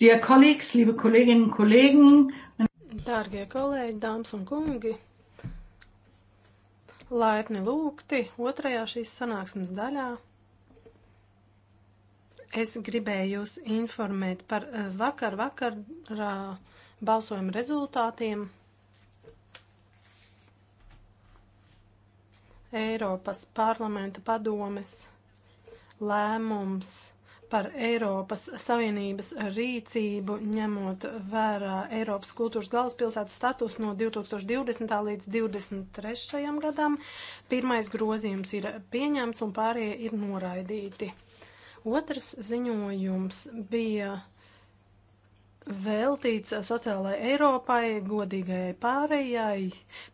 Dear colleagues, liebe Kolleginnen und Kollegen. Dārgie kolēģi, dāmas un kungi, laipni lūgti otrajā šīs sanāksmes daļā. Es gribēju jūs informēt par eh, vakar vakarā balsojuma rezultātiem. Eiropas parlamenta padomes lēmums par Eiropas Savienības rīcību, ņemot vērā Eiropas kultūras galvaspilsētas status no 2020. līdz 2023. gadam. Pirmais grozījums ir pieņemts un pārējie ir noraidīti. Otrs ziņojums bija veltīts sociālajai Eiropai, godīgajai pārējai.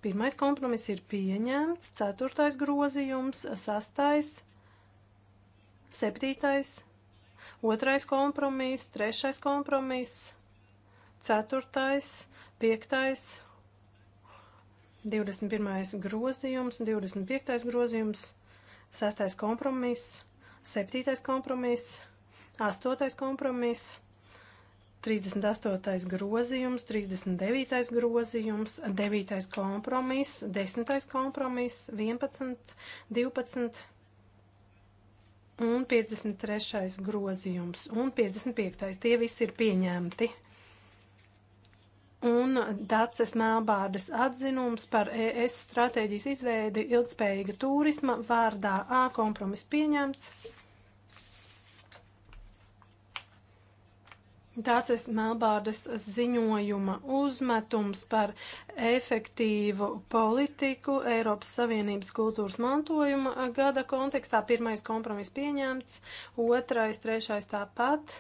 Pirmais kompromiss ir pieņemts, ceturtais grozījums, sastais, septītais Otrais kompromiss, trešais kompromiss, ceturtais, piektais, 21. grozījums, 25. grozījums, sestais kompromiss, septītais kompromiss, astotais kompromiss. 38. grozījums, 39. grozījums, 9. kompromiss, 10. kompromiss, 11, 12, un 53. grozījums un 55. tie visi ir pieņemti. Un Dācis Melbārdas atzinums par ES stratēģijas izveidi ilgspējīga turisma vārdā A kompromis pieņemts. Tāds ir Melbārdas ziņojuma uzmetums par efektīvu politiku Eiropas Savienības kultūras mantojuma gada kontekstā. Pirmais kompromiss pieņemts, otrais, trešais tāpat,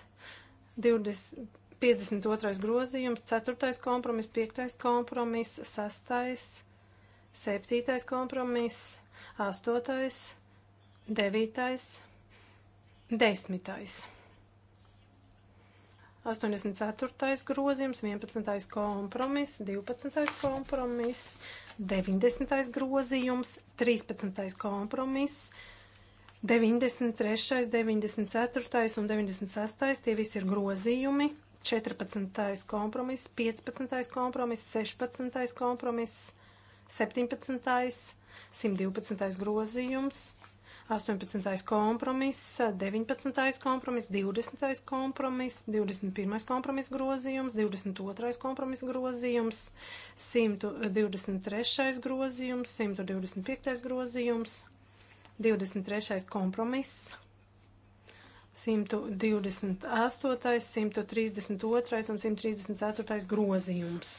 20, 52. grozījums, ceturtais kompromiss, piektais kompromiss, sastais, septītais kompromiss, astotais, devītais, desmitais. 84. grozījums, 11. kompromiss, 12. kompromiss, 90. grozījums, 13. kompromiss, 93., 94. un 96. tie visi ir grozījumi, 14. kompromiss, 15. kompromiss, 16. kompromiss, 17. 112. grozījums, 18. kompromiss, 19. kompromiss, 20. kompromiss, 21. kompromiss grozījums, 22. kompromiss grozījums, 123. grozījums, 125. grozījums, 23. kompromiss. 128, 132 un 134 grozījums.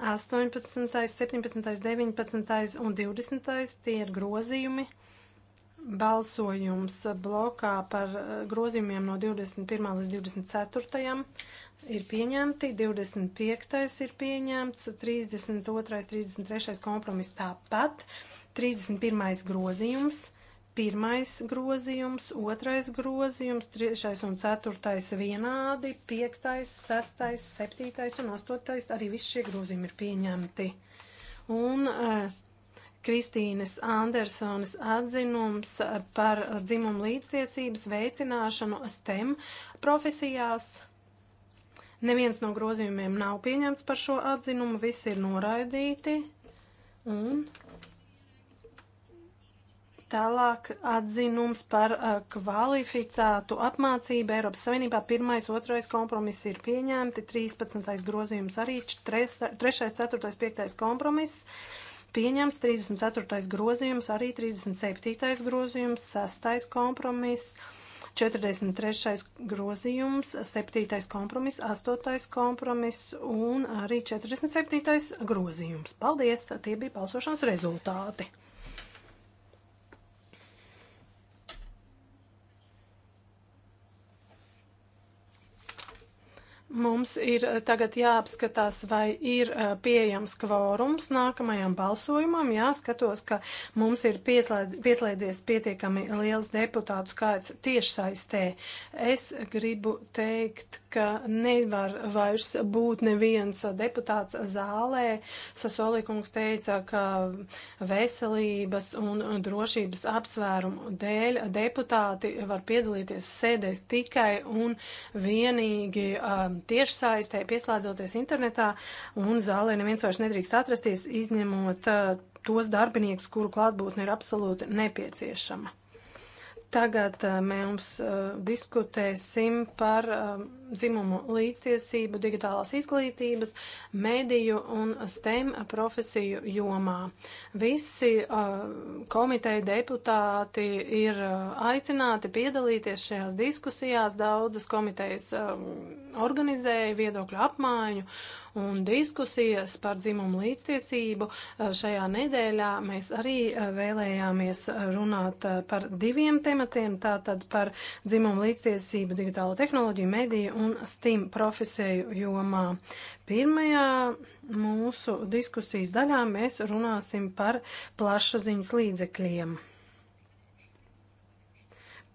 18., 17., 19. un 20. tie ir grozījumi. Balsojums blokā par eh, grozījumiem no 21. līdz 24. ir pieņemti, 25. ir pieņemts, 32. 33. kompromiss tāpat, 31. grozījums Pirmais grozījums, otrais grozījums, trešais un ceturtais vienādi, piektais, sestais, septītais un astotais, arī visi šie grozījumi ir pieņemti. Un uh, Kristīnes Andersonas atzinums eh, par dzimumu līdztiesības veicināšanu STEM profesijās. Neviens no grozījumiem nav pieņemts par šo atzinumu, visi ir noraidīti. Un Tālāk atzinums par uh, kvalificētu apmācību Eiropas Savienībā. Pirmais, otrais kompromiss ir pieņemti, 13. grozījums arī, 3, 3 4, 5 kompromiss pieņemts, 34. grozījums arī, 37. grozījums, 6. kompromiss. 43. grozījums, 7. kompromiss, 8. kompromiss un arī 47. grozījums. Paldies! Tie bija balsošanas rezultāti. Mums ir eh, tagad jāapskatās, vai ir eh, pieejams kvorums nākamajam balsojumam. Jāskatos, ka mums ir pieslēdz, pieslēdzies pietiekami liels deputātu skaits tiešsaistē. Es gribu teikt, ka nevar vairs būt neviens deputāts zālē. Sasolīkungs teica, ka veselības un drošības apsvērumu dēļ deputāti var piedalīties sēdēs tikai un vienīgi. Um, tiešsaistē, pieslēdzoties internetā, un zālē neviens vairs nedrīkst atrasties, izņemot eh, tos darbiniekus, kuru klātbūtne ir absolūti nepieciešama. Tagad eh, mēs eh, diskutēsim par eh, dzimumu līdztiesību, digitālās izglītības, mediju un STEM profesiju jomā. Visi komiteja deputāti ir aicināti piedalīties šajās diskusijās. Daudzas komitejas organizēja viedokļu apmaiņu un diskusijas par dzimumu līdztiesību. Eh, šajā nedēļā mēs arī eh, vēlējāmies runāt eh, par diviem tematiem, tātad par dzimumu līdztiesību, digitālo tehnoloģiju, mediju un STEM profesiju jomā. Pirmajā mūsu diskusijas daļā mēs runāsim par plašsaziņas līdzekļiem.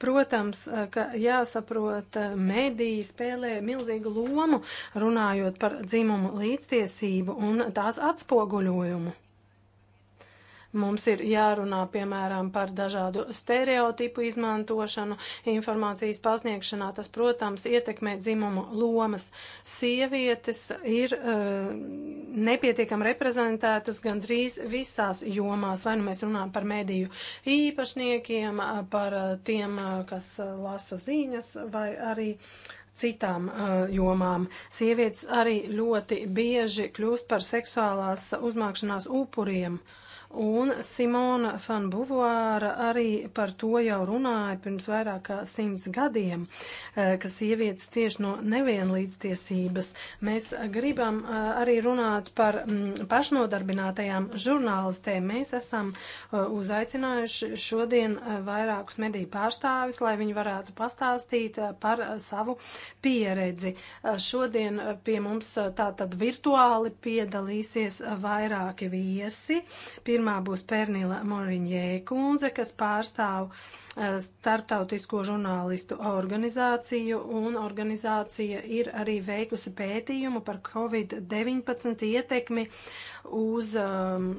Protams, eh, ka jāsaprot, eh, mediji spēlē milzīgu lomu runājot par dzimumu līdztiesību un tās atspoguļojumu. Mums ir jārunā, piemēram, par dažādu stereotipu izmantošanu, informācijas pasniegšanā. Tas, protams, ietekmē dzimumu lomas. Sievietes ir uh, eh, nepietiekam reprezentētas gandrīz visās jomās. Vai nu mēs runājam par mediju īpašniekiem, eh, par eh, tiem, kas lasa ziņas, vai arī citām uh, jomām. Sievietes arī ļoti bieži kļūst par seksuālās uzmākšanās upuriem. Uh, Un Simona Fanbuvuāra arī par to jau runāja pirms vairāk kā simts gadiem, eh, ka sievietes cieši no nevienlīdztiesības. Mēs gribam eh, arī runāt par mm, pašnodarbinātajām žurnālistēm. Mēs esam eh, uzaicinājuši šodien vairākus mediju pārstāvis, lai viņi varētu pastāstīt par savu pieredzi. Šodien pie mums tātad virtuāli piedalīsies vairāki viesi. Pirma Pirmā būs Pernila Moriņē kundze, kas pārstāv eh, starptautisko žurnālistu organizāciju, un organizācija ir arī veikusi pētījumu par Covid-19 ietekmi uz um,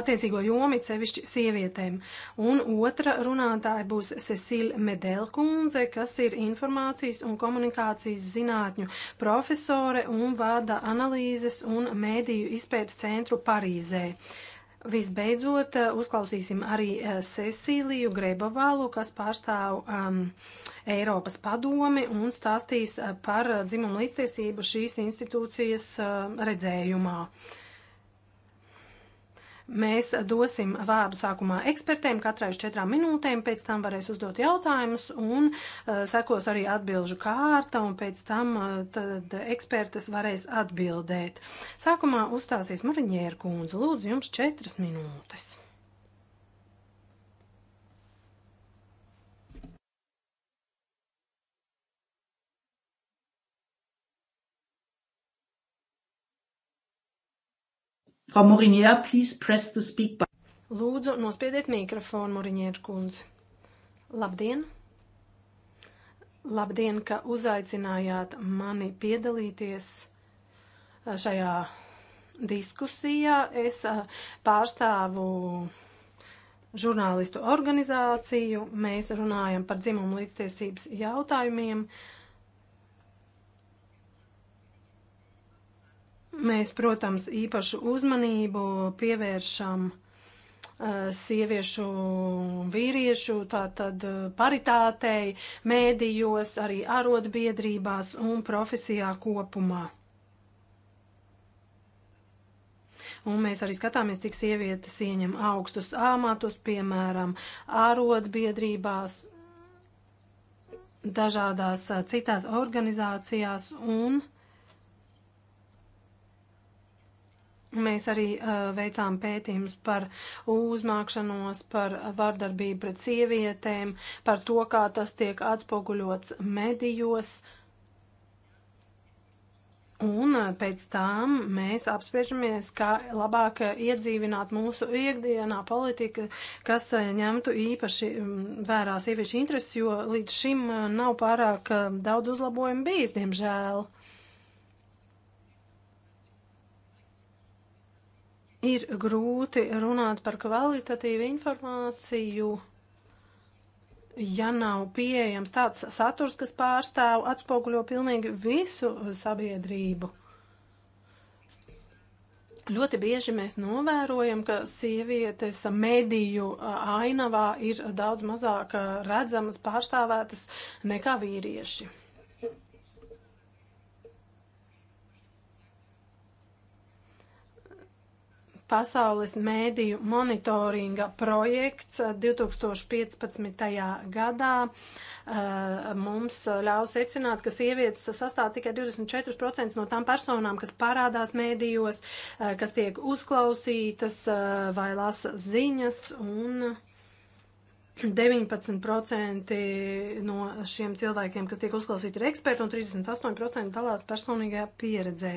attiecīgo jomu, sevišķi sievietēm. Un otra runātāja būs Cecilija Medelkundze, kas ir informācijas un komunikācijas zinātņu profesore un vada analīzes un mēdīju izpētes centru Parīzē. Visbeidzot, uzklausīsim arī Cecīliju Grebavālu, kas pārstāv um, Eiropas padomi un stāstīs par dzimumu līdztiesību šīs institūcijas uh, redzējumā. Uh, Mēs dosim vārdu sākumā ekspertiem katrai uz četrām minūtēm, pēc tam varēs uzdot jautājumus un uh, sekos arī atbilžu kārta un pēc tam uh, tad ekspertas varēs atbildēt. Sākumā uzstāsies Mariņēra kundze. Lūdzu, jums četras minūtes. Frau Morinier, please press the speak button. Lūdzu, nospiediet mikrofonu, Morinier kundze. Labdien! Labdien, ka uzaicinājāt mani piedalīties šajā diskusijā. Es pārstāvu žurnālistu organizāciju. Mēs runājam par dzimumu līdztiesības jautājumiem. Uh, Mēs, protams, īpašu uzmanību pievēršam eh, sieviešu un vīriešu tātad eh, paritātei, mēdījos, arī arotbiedrībās un profesijā kopumā. Un mēs arī skatāmies, cik sievietes ieņem augstus amatus, piemēram, arotbiedrībās, dažādās eh, citās organizācijās un Mēs arī uh, veicām pētījumus par uzmākšanos, par vardarbību pret sievietēm, par to, kā tas tiek atspoguļots medijos. Un uh, pēc tam mēs apspriežamies, kā labāk iedzīvināt mūsu ikdienā politiku, kas uh, ņemtu īpaši um, vērā sieviešu intereses, jo līdz šim uh, nav pārāk daudz uzlabojumu bijis, diemžēl. ir grūti runāt par kvalitatīvu informāciju, ja nav pieejams tāds saturs, kas pārstāv atspoguļo pilnīgi visu sabiedrību. Ļoti bieži mēs novērojam, ka sievietes mediju ainavā ir daudz mazāk redzamas pārstāvētas nekā vīrieši. pasaules mēdīju monitoringa projekts 2015. Eh, gadā eh, mums ļauj secināt, ka sievietes sastāv tikai 24% no tām personām, kas parādās mēdījos, eh, kas tiek uzklausītas vai lasa ziņas un. 19% no šiem cilvēkiem, kas tiek uzklausīti, ir eksperti, un 38% dalās personīgajā pieredzē.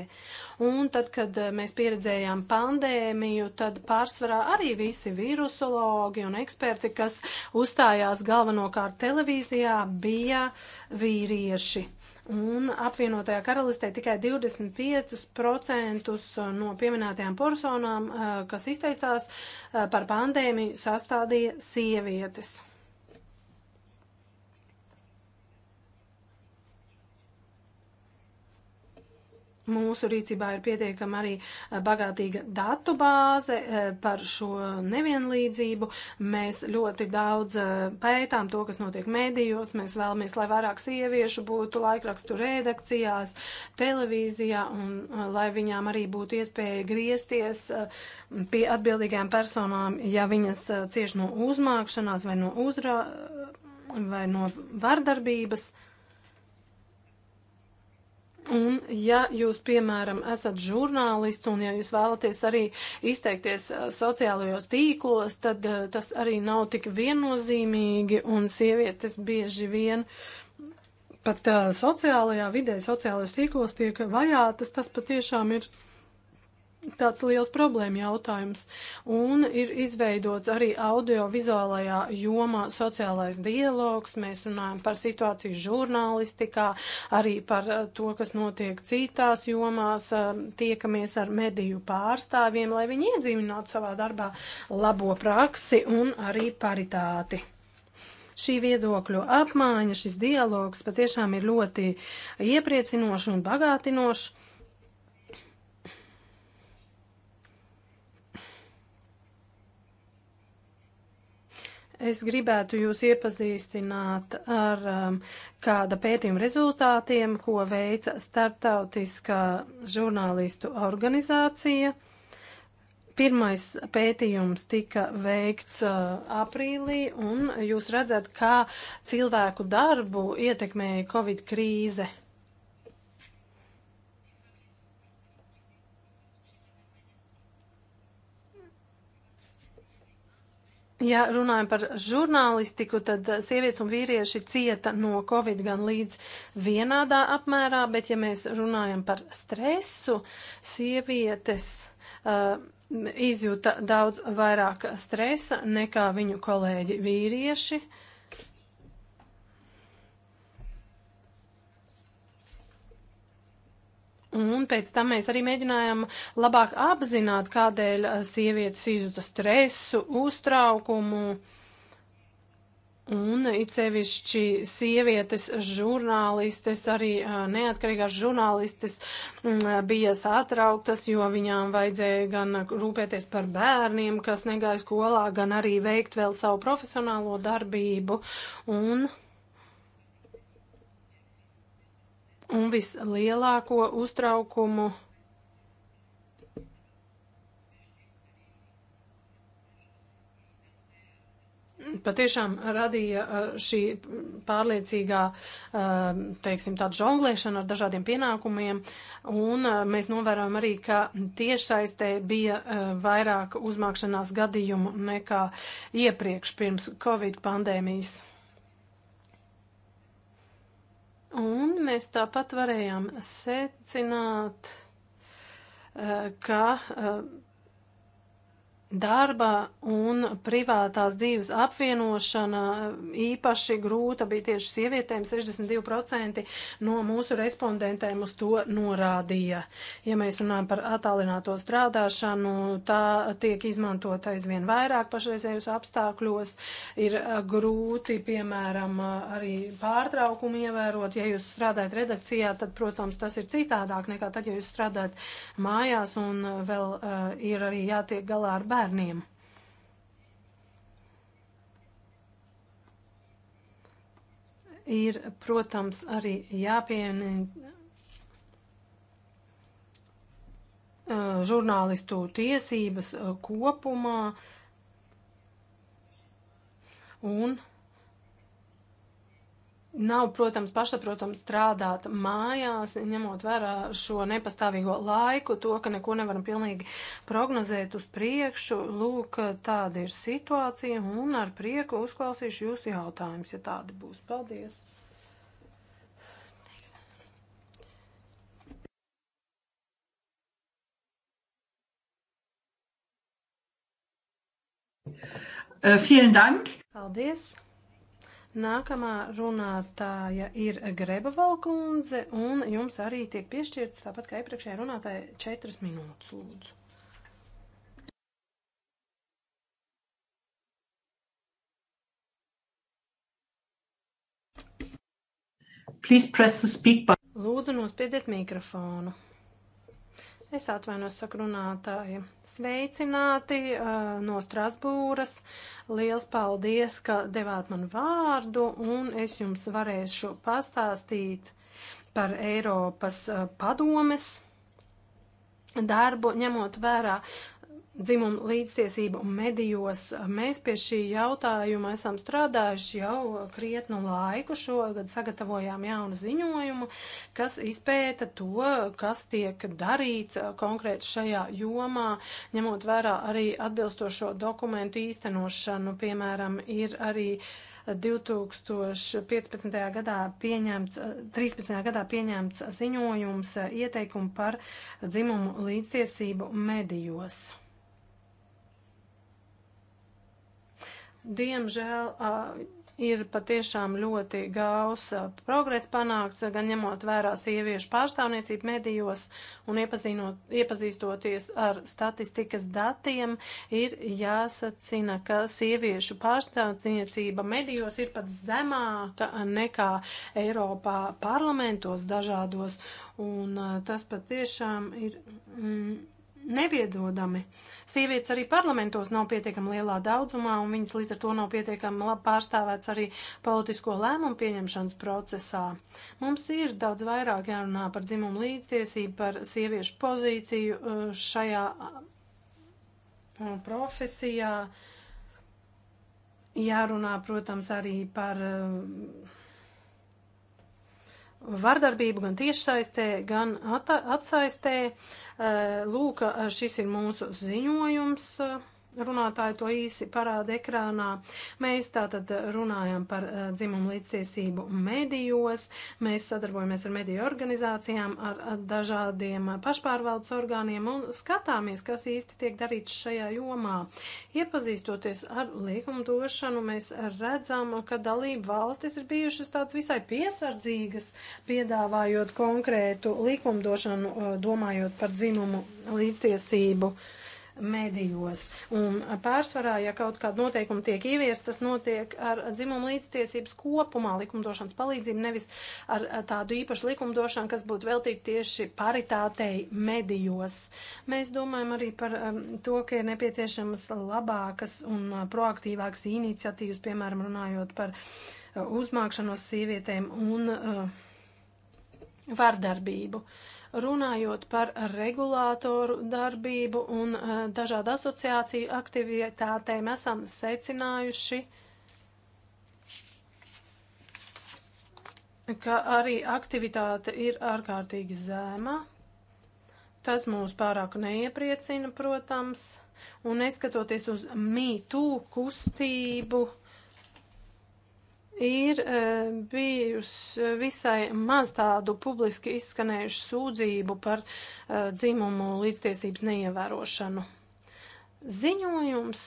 Un tad, kad eh, mēs pieredzējām pandēmiju, tad pārsvarā arī visi virusologi un eksperti, kas uzstājās galvenokārt televīzijā, bija vīrieši un apvienotajā karalistē tikai 25% uh, no pieminētajām personām, uh, kas izteicās uh, par pandēmiju, sastādīja sievietes. Mūsu rīcībā ir pietiekama arī eh, bagātīga datu bāze eh, par šo nevienlīdzību. Mēs ļoti daudz eh, pētām to, kas notiek mēdījos. Mēs vēlamies, lai vairāk sieviešu būtu laikrakstu redakcijās, televīzijā un lai viņām arī būtu iespēja griezties pie atbildīgām personām, ja viņas cieši no uzmākšanās vai no, uzra, vai no vardarbības. Uh, Un, ja jūs, piemēram, esat žurnālists un ja jūs vēlaties arī izteikties eh, sociālajos tīklos, tad eh, tas arī nav tik viennozīmīgi un sievietes bieži vien pat uh, sociālajā vidē, sociālajos tīklos tiek vajātas, tas patiešām ir tāds liels problēma jautājums. Un ir izveidots arī audiovizuālajā jomā sociālais dialogs. Mēs runājam par situāciju žurnālistikā, arī par eh, to, kas notiek citās jomās. Ehm, tiekamies ar mediju pārstāvjiem, lai viņi iedzīvinātu savā darbā labo praksi un arī paritāti šī viedokļu apmaiņa, šis dialogs patiešām ir ļoti iepriecinošs un bagātinošs. Es gribētu jūs iepazīstināt ar um, kāda pētījuma rezultātiem, ko veica Startautiskā žurnālistu organizācija. Pirmais pētījums tika veikts uh, aprīlī, un jūs redzat, kā cilvēku darbu ietekmēja Covid krīze. Ja runājam par žurnālistiku, tad eh, sievietes un vīrieši cieta no covid gan līdz vienādā apmērā, bet ja mēs runājam par stresu, sievietes. Uh, izjūta daudz vairāk stresa nekā viņu kolēģi vīrieši. Uh, Un pēc tam mēs arī mēģinājām labāk apzināt, kādēļ eh, sievietes izjūta stresu, uztraukumu. Un it sevišķi sievietes žurnālistes, arī eh, neatkarīgās žurnālistes mm, bija satrauktas, jo viņām vajadzēja gan rūpēties par bērniem, kas negāja skolā, gan arī veikt vēl savu profesionālo darbību. Un Un vislielāko uztraukumu patiešām radīja uh, šī pārliecīgā, uh, teiksim, tāda žonglēšana ar dažādiem pienākumiem, un uh, mēs novērojam arī, ka tiešsaistē bija vairāk uzmākšanās gadījumu nekā iepriekš pirms Covid pandēmijas. Un mēs tāpat varējām secināt, eh, ka eh, darba un privātās dzīves apvienošana īpaši grūta bija tieši sievietēm. 62% no mūsu respondentēm uz to norādīja. Ja mēs runājam par attālināto strādāšanu, tā tiek izmantota aizvien vairāk pašreizējos apstākļos. Ir uh, grūti, piemēram, uh, arī pārtraukumu ievērot. Ja jūs strādājat redakcijā, tad, protams, tas ir citādāk nekā tad, ja jūs strādājat mājās un uh, vēl uh, ir arī jātiek galā ar bērnu bērniem. Ir, protams, arī jāpiemina uh, žurnālistu tiesības uh, kopumā un Nav, protams, pašsaprotams strādāt mājās, ņemot vērā šo nepastāvīgo laiku, to, ka neko nevaram pilnīgi prognozēt uz priekšu. Lūk, tāda ir situācija, un ar prieku uzklausīšu jūsu jautājumus, ja tādi būs. Paldies! Uh, vielen Dank! Paldies! Nākamā runātāja ir Greba Valkundze, un jums arī tiek piešķirts, tāpat kā iepriekšējā runātāja, četras minūtes lūdzu. Please press the speak button. Lūdzu, nospiediet mikrofonu. Es atvainos, saku runātāji. Sveicināti uh, no Strasbūras. Liels paldies, ka devāt man vārdu, un es jums varēšu pastāstīt par Eiropas uh, padomes darbu, ņemot vērā dzimumu līdztiesību medijos. Mēs pie šī jautājuma esam strādājuši jau krietnu laiku. Šogad sagatavojām jaunu ziņojumu, kas izpēta to, kas tiek darīts konkrēti šajā jomā, ņemot vērā arī atbilstošo dokumentu īstenošanu. Piemēram, ir arī 2015. gadā pieņemts, 13. gadā pieņemts ziņojums ieteikumu par dzimumu līdztiesību medijos. Diemžēl uh, ir patiešām ļoti gausa progresa panākts, gan ņemot vērā sieviešu pārstāvniecību medijos un iepazīstoties ar statistikas datiem, ir jāsacina, ka sieviešu pārstāvniecība medijos ir pat zemāka nekā Eiropā parlamentos dažādos, un uh, tas patiešām ir. Mm, nebiedrodami. Sievietes arī parlamentos nav pietiekami lielā daudzumā, un viņas līdz ar to nav pietiekami labi pārstāvēts arī politisko lēmumu pieņemšanas procesā. Mums ir daudz vairāk jārunā par dzimumu līdztiesību, par sieviešu pozīciju uh, šajā uh, profesijā. Jārunā, protams, arī par uh, vardarbību gan tiešsaistē, gan atsaistē. Uh, Lūk, šis ir mūsu ziņojums runātāji to īsi parāda ekrānā. Mēs tātad runājam par uh, dzimumu līdztiesību medijos, mēs sadarbojamies ar mediju organizācijām, ar, ar dažādiem eh, pašpārvaldes orgāniem un skatāmies, kas īsti tiek darīts šajā jomā. Iepazīstoties ar likumdošanu, mēs redzam, ka dalība valstis ir bijušas tāds visai piesardzīgas, piedāvājot konkrētu likumdošanu, eh, domājot par dzimumu līdztiesību. Uh, medijos. Un pārsvarā, ja kaut kāda noteikuma tiek ieviest, tas notiek ar dzimumu līdztiesības kopumā likumdošanas palīdzību, nevis ar tādu īpašu likumdošanu, kas būtu veltīta tieši paritātei medijos. Mēs domājam arī par um, to, ka ir nepieciešamas labākas un uh, proaktīvākas iniciatīvas, piemēram, runājot par uh, uzmākšanos sievietēm un uh, vardarbību. Uh, Runājot par regulātoru darbību un eh, dažādu asociāciju aktivitātēm, esam secinājuši, ka arī aktivitāte ir ārkārtīgi zēma. Tas mūs pārāk neiepriecina, protams, un neskatoties uz mītū kustību, uh, ir e, bijusi e, visai maz tādu publiski izskanējušu sūdzību par e, dzimumu līdztiesības neievērošanu. Ziņojums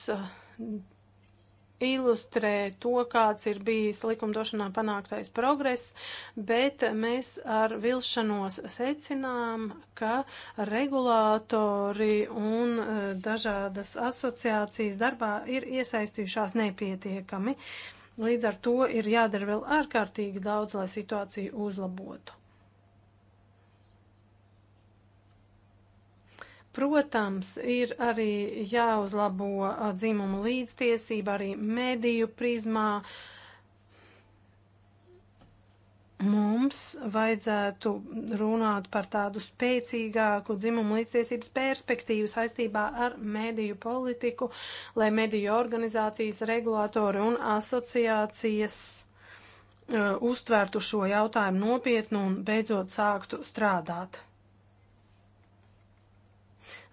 ilustrē to, kāds ir bijis likumdošanā panāktais progress, bet mēs ar vilšanos secinām, ka regulātori un dažādas asociācijas darbā ir iesaistījušās nepietiekami. Uh, Līdz ar to ir jādara vēl ārkārtīgi daudz, lai situāciju uzlabotu. Protams, ir arī jāuzlabo dzimumu līdztiesība arī mediju prizmā. Uh, mums vajadzētu runāt par tādu spēcīgāku dzimumu līdztiesības perspektīvu saistībā ar mediju politiku, lai mediju organizācijas, regulātori un asociācijas uh, uztvērtu šo jautājumu nopietnu un beidzot sāktu strādāt.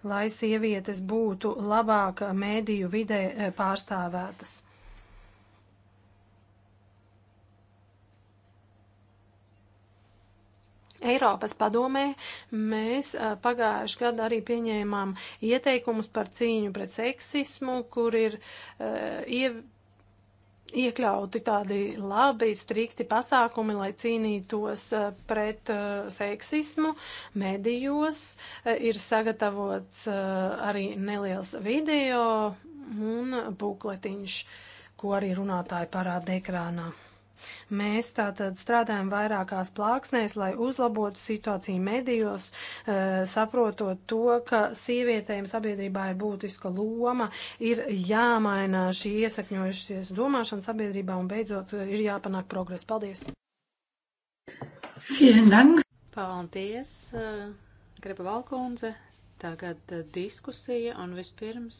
Lai sievietes būtu labāk mēdīju vidē eh, pārstāvētas. Eiropas padomē mēs pagājuši gadu arī pieņēmām ieteikumus par cīņu pret seksismu, kur ir uh, iev iekļauti tādi labi, strikti pasākumi, lai cīnītos pret seksismu. Medijos ir sagatavots arī neliels video un bukletiņš, ko arī runātāji parāda ekrānā. Mēs tātad strādājam vairākās plāksnēs, lai uzlabotu situāciju medijos, eh, saprotot to, ka sievietēm sabiedrībā ir būtiska loma, ir jāmaina šī iesakņojušies domāšana sabiedrībā un beidzot eh, ir jāpanāk progress. Paldies! Paldies, eh, Greba Valkundze, Tagad diskusija, un vispirms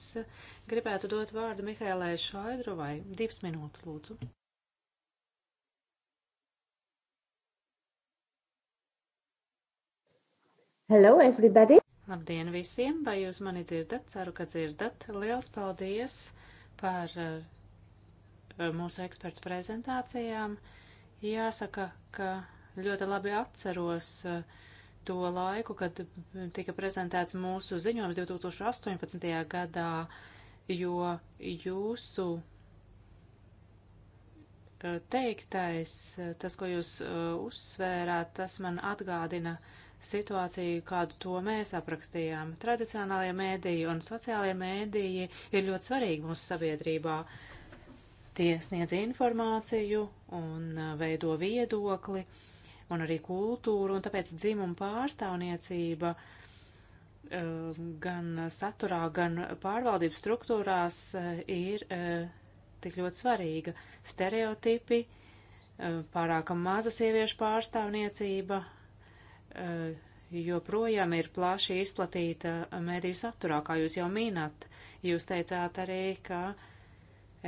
gribētu dot vārdu Mihailai Šaidrovai. Divas minūtes, lūdzu. Hello, everybody! Labdien visiem! Vai jūs mani dzirdat? Ceru, ka dzirdat. Liels paldies par eh, mūsu ekspertu prezentācijām. Jāsaka, ka ļoti labi atceros eh, to laiku, kad tika prezentēts mūsu ziņojums 2018. gadā, jo jūsu eh, teiktais, tas, ko jūs uzsvērāt, tas man atgādina uh, situāciju, kādu to mēs aprakstījām. Tradicionālajie mēdīji un sociālajie mēdīji ir ļoti svarīgi mūsu sabiedrībā. Tie sniedz informāciju un veido viedokli un arī kultūru, un tāpēc dzimuma pārstāvniecība gan saturā, gan pārvaldības struktūrās ir tik ļoti svarīga. Stereotipi, pārāka maza sieviešu pārstāvniecība Eh, joprojām ir plaši izplatīta mediju saturā, kā jūs jau mīnat. Jūs teicāt arī, ka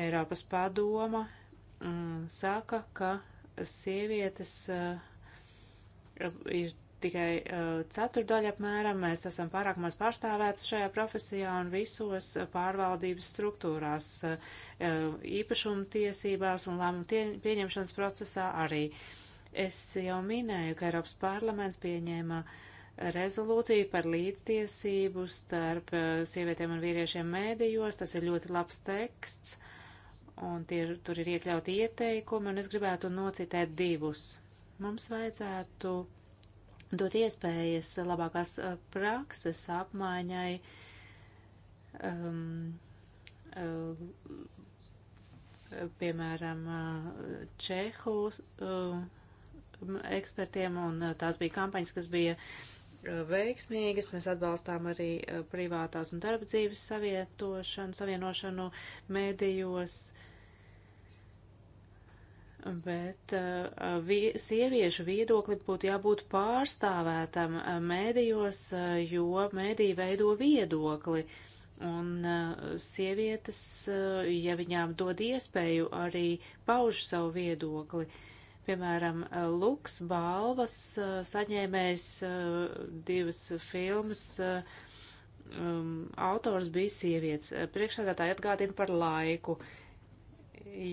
Eiropas padoma mm, saka, ka sievietes uh, ir tikai uh, ceturdaļa apmēram, mēs esam pārāk maz pārstāvēts šajā profesijā un visos pārvaldības struktūrās, uh, īpašuma tiesībās un lēmumu pieņemšanas procesā arī. Uh, Es jau minēju, ka Eiropas parlaments pieņēma rezolūciju par līdztiesību starp eh, sievietēm un vīriešiem mēdījos. Tas ir ļoti labs teksts, un tie, tur ir iekļauti ieteikumi, un es gribētu nocitēt divus. Mums vajadzētu dot iespējas labākās eh, prakses apmaiņai um, um, piemēram, Čehu uh, ekspertiem, un uh, tās bija kampaņas, kas bija uh, veiksmīgas. Mēs atbalstām arī uh, privātās un darba dzīves savietošanu, savienošanu medijos. Bet uh, vi, sieviešu viedoklim būtu jābūt pārstāvētam uh, mēdījos, uh, jo mēdī veido viedokli. Un uh, sievietes, uh, ja viņām dod iespēju, arī pauž savu viedokli. Uh, Piemēram, Luks balvas eh, saņēmējs eh, divas filmas eh, um, autors bija sievietes. Priekšsēdētāji atgādina par laiku.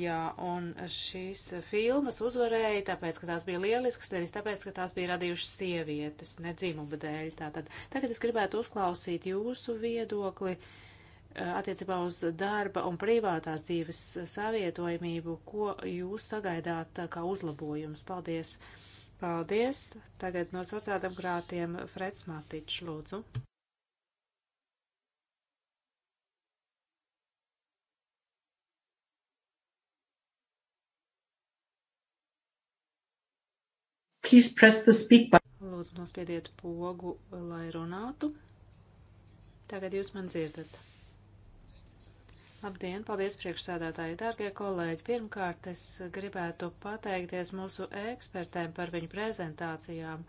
Jā, un šīs filmas uzvarēja tāpēc, ka tās bija lieliskas, nevis tāpēc, ka tās bija radījušas sievietes, ne dzimuma dēļ. Tātad tagad es gribētu uzklausīt jūsu viedokli Eh, attiecībā uz darba un privātās dzīves savietojamību, ko jūs sagaidāt eh, kā uzlabojumus? Paldies! Paldies! Tagad no sociāldemokrātiem Freds Matičs, lūdzu. Please press the speak button. Lūdzu, nospiediet pogu, lai runātu. Tagad jūs man dzirdat. Labdien, paldies priekšsēdētāji, dārgie kolēģi. Pirmkārt, es gribētu pateikties mūsu ekspertēm par viņu prezentācijām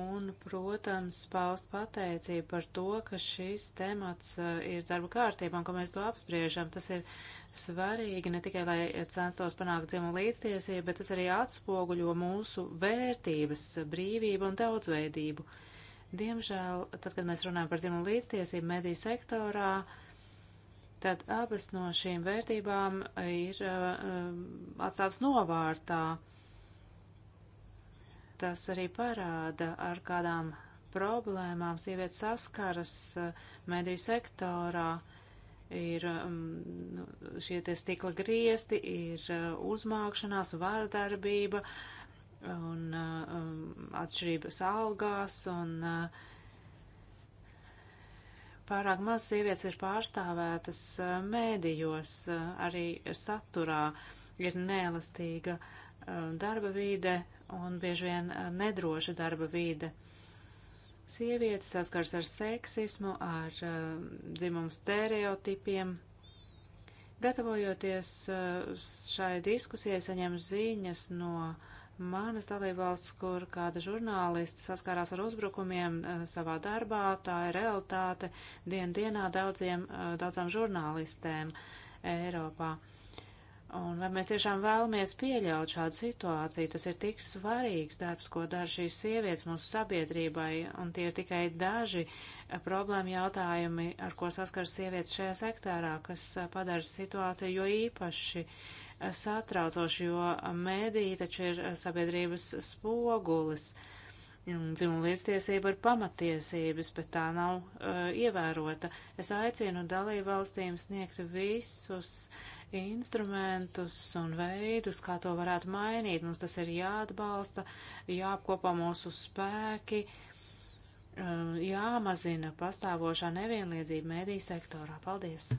un, protams, paust pateicību par to, ka šis temats uh, ir darba kārtībā un ka mēs to apspriežam. Tas ir svarīgi ne tikai, lai censtos panākt dzimumu līdztiesību, bet tas arī atspoguļo mūsu vērtības, brīvību un daudzveidību. Diemžēl, tad, kad mēs runājam par dzimumu līdztiesību mediju sektorā, uh, tad abas no šīm vērtībām ir uh, um, atstātas novārtā. Tas arī parāda, ar kādām problēmām sievietes saskaras uh, mediju sektorā. Ir um, nu, šie tie stikla griesti, ir uh, uzmākšanās, vardarbība un uh, um, atšķirības algās un uh, pārāk maz sievietes ir pārstāvētas eh, mēdījos, eh, arī saturā ir neelastīga eh, darba vīde un bieži vien nedroša darba vīde. Sieviete saskars ar seksismu, ar dzimumu stereotipiem. Gatavojoties šai diskusijai, saņem ziņas no uh, Manas dalībvalsts, kur kāda žurnālista saskārās ar uzbrukumiem eh, savā darbā, tā ir realitāte dien dienā daudziem, eh, daudzām žurnālistēm Eiropā. Un vai mēs tiešām vēlamies pieļaut šādu situāciju? Tas ir tik svarīgs darbs, ko dara šīs sievietes mūsu sabiedrībai, un tie ir tikai daži eh, problēma jautājumi, ar ko saskars sievietes šajā sektārā, kas padara situāciju jo īpaši uh, satraucoši, jo mēdīja taču ir eh, sabiedrības spogulis. Dzimuma līdztiesība ir pamatiesības, bet tā nav uh, ievērota. Es aicinu dalībvalstīm sniegt visus instrumentus un veidus, kā to varētu mainīt. Mums tas ir jāatbalsta, jāapkopā mūsu spēki, uh, jāmazina pastāvošā nevienlīdzība mediju sektorā. Paldies!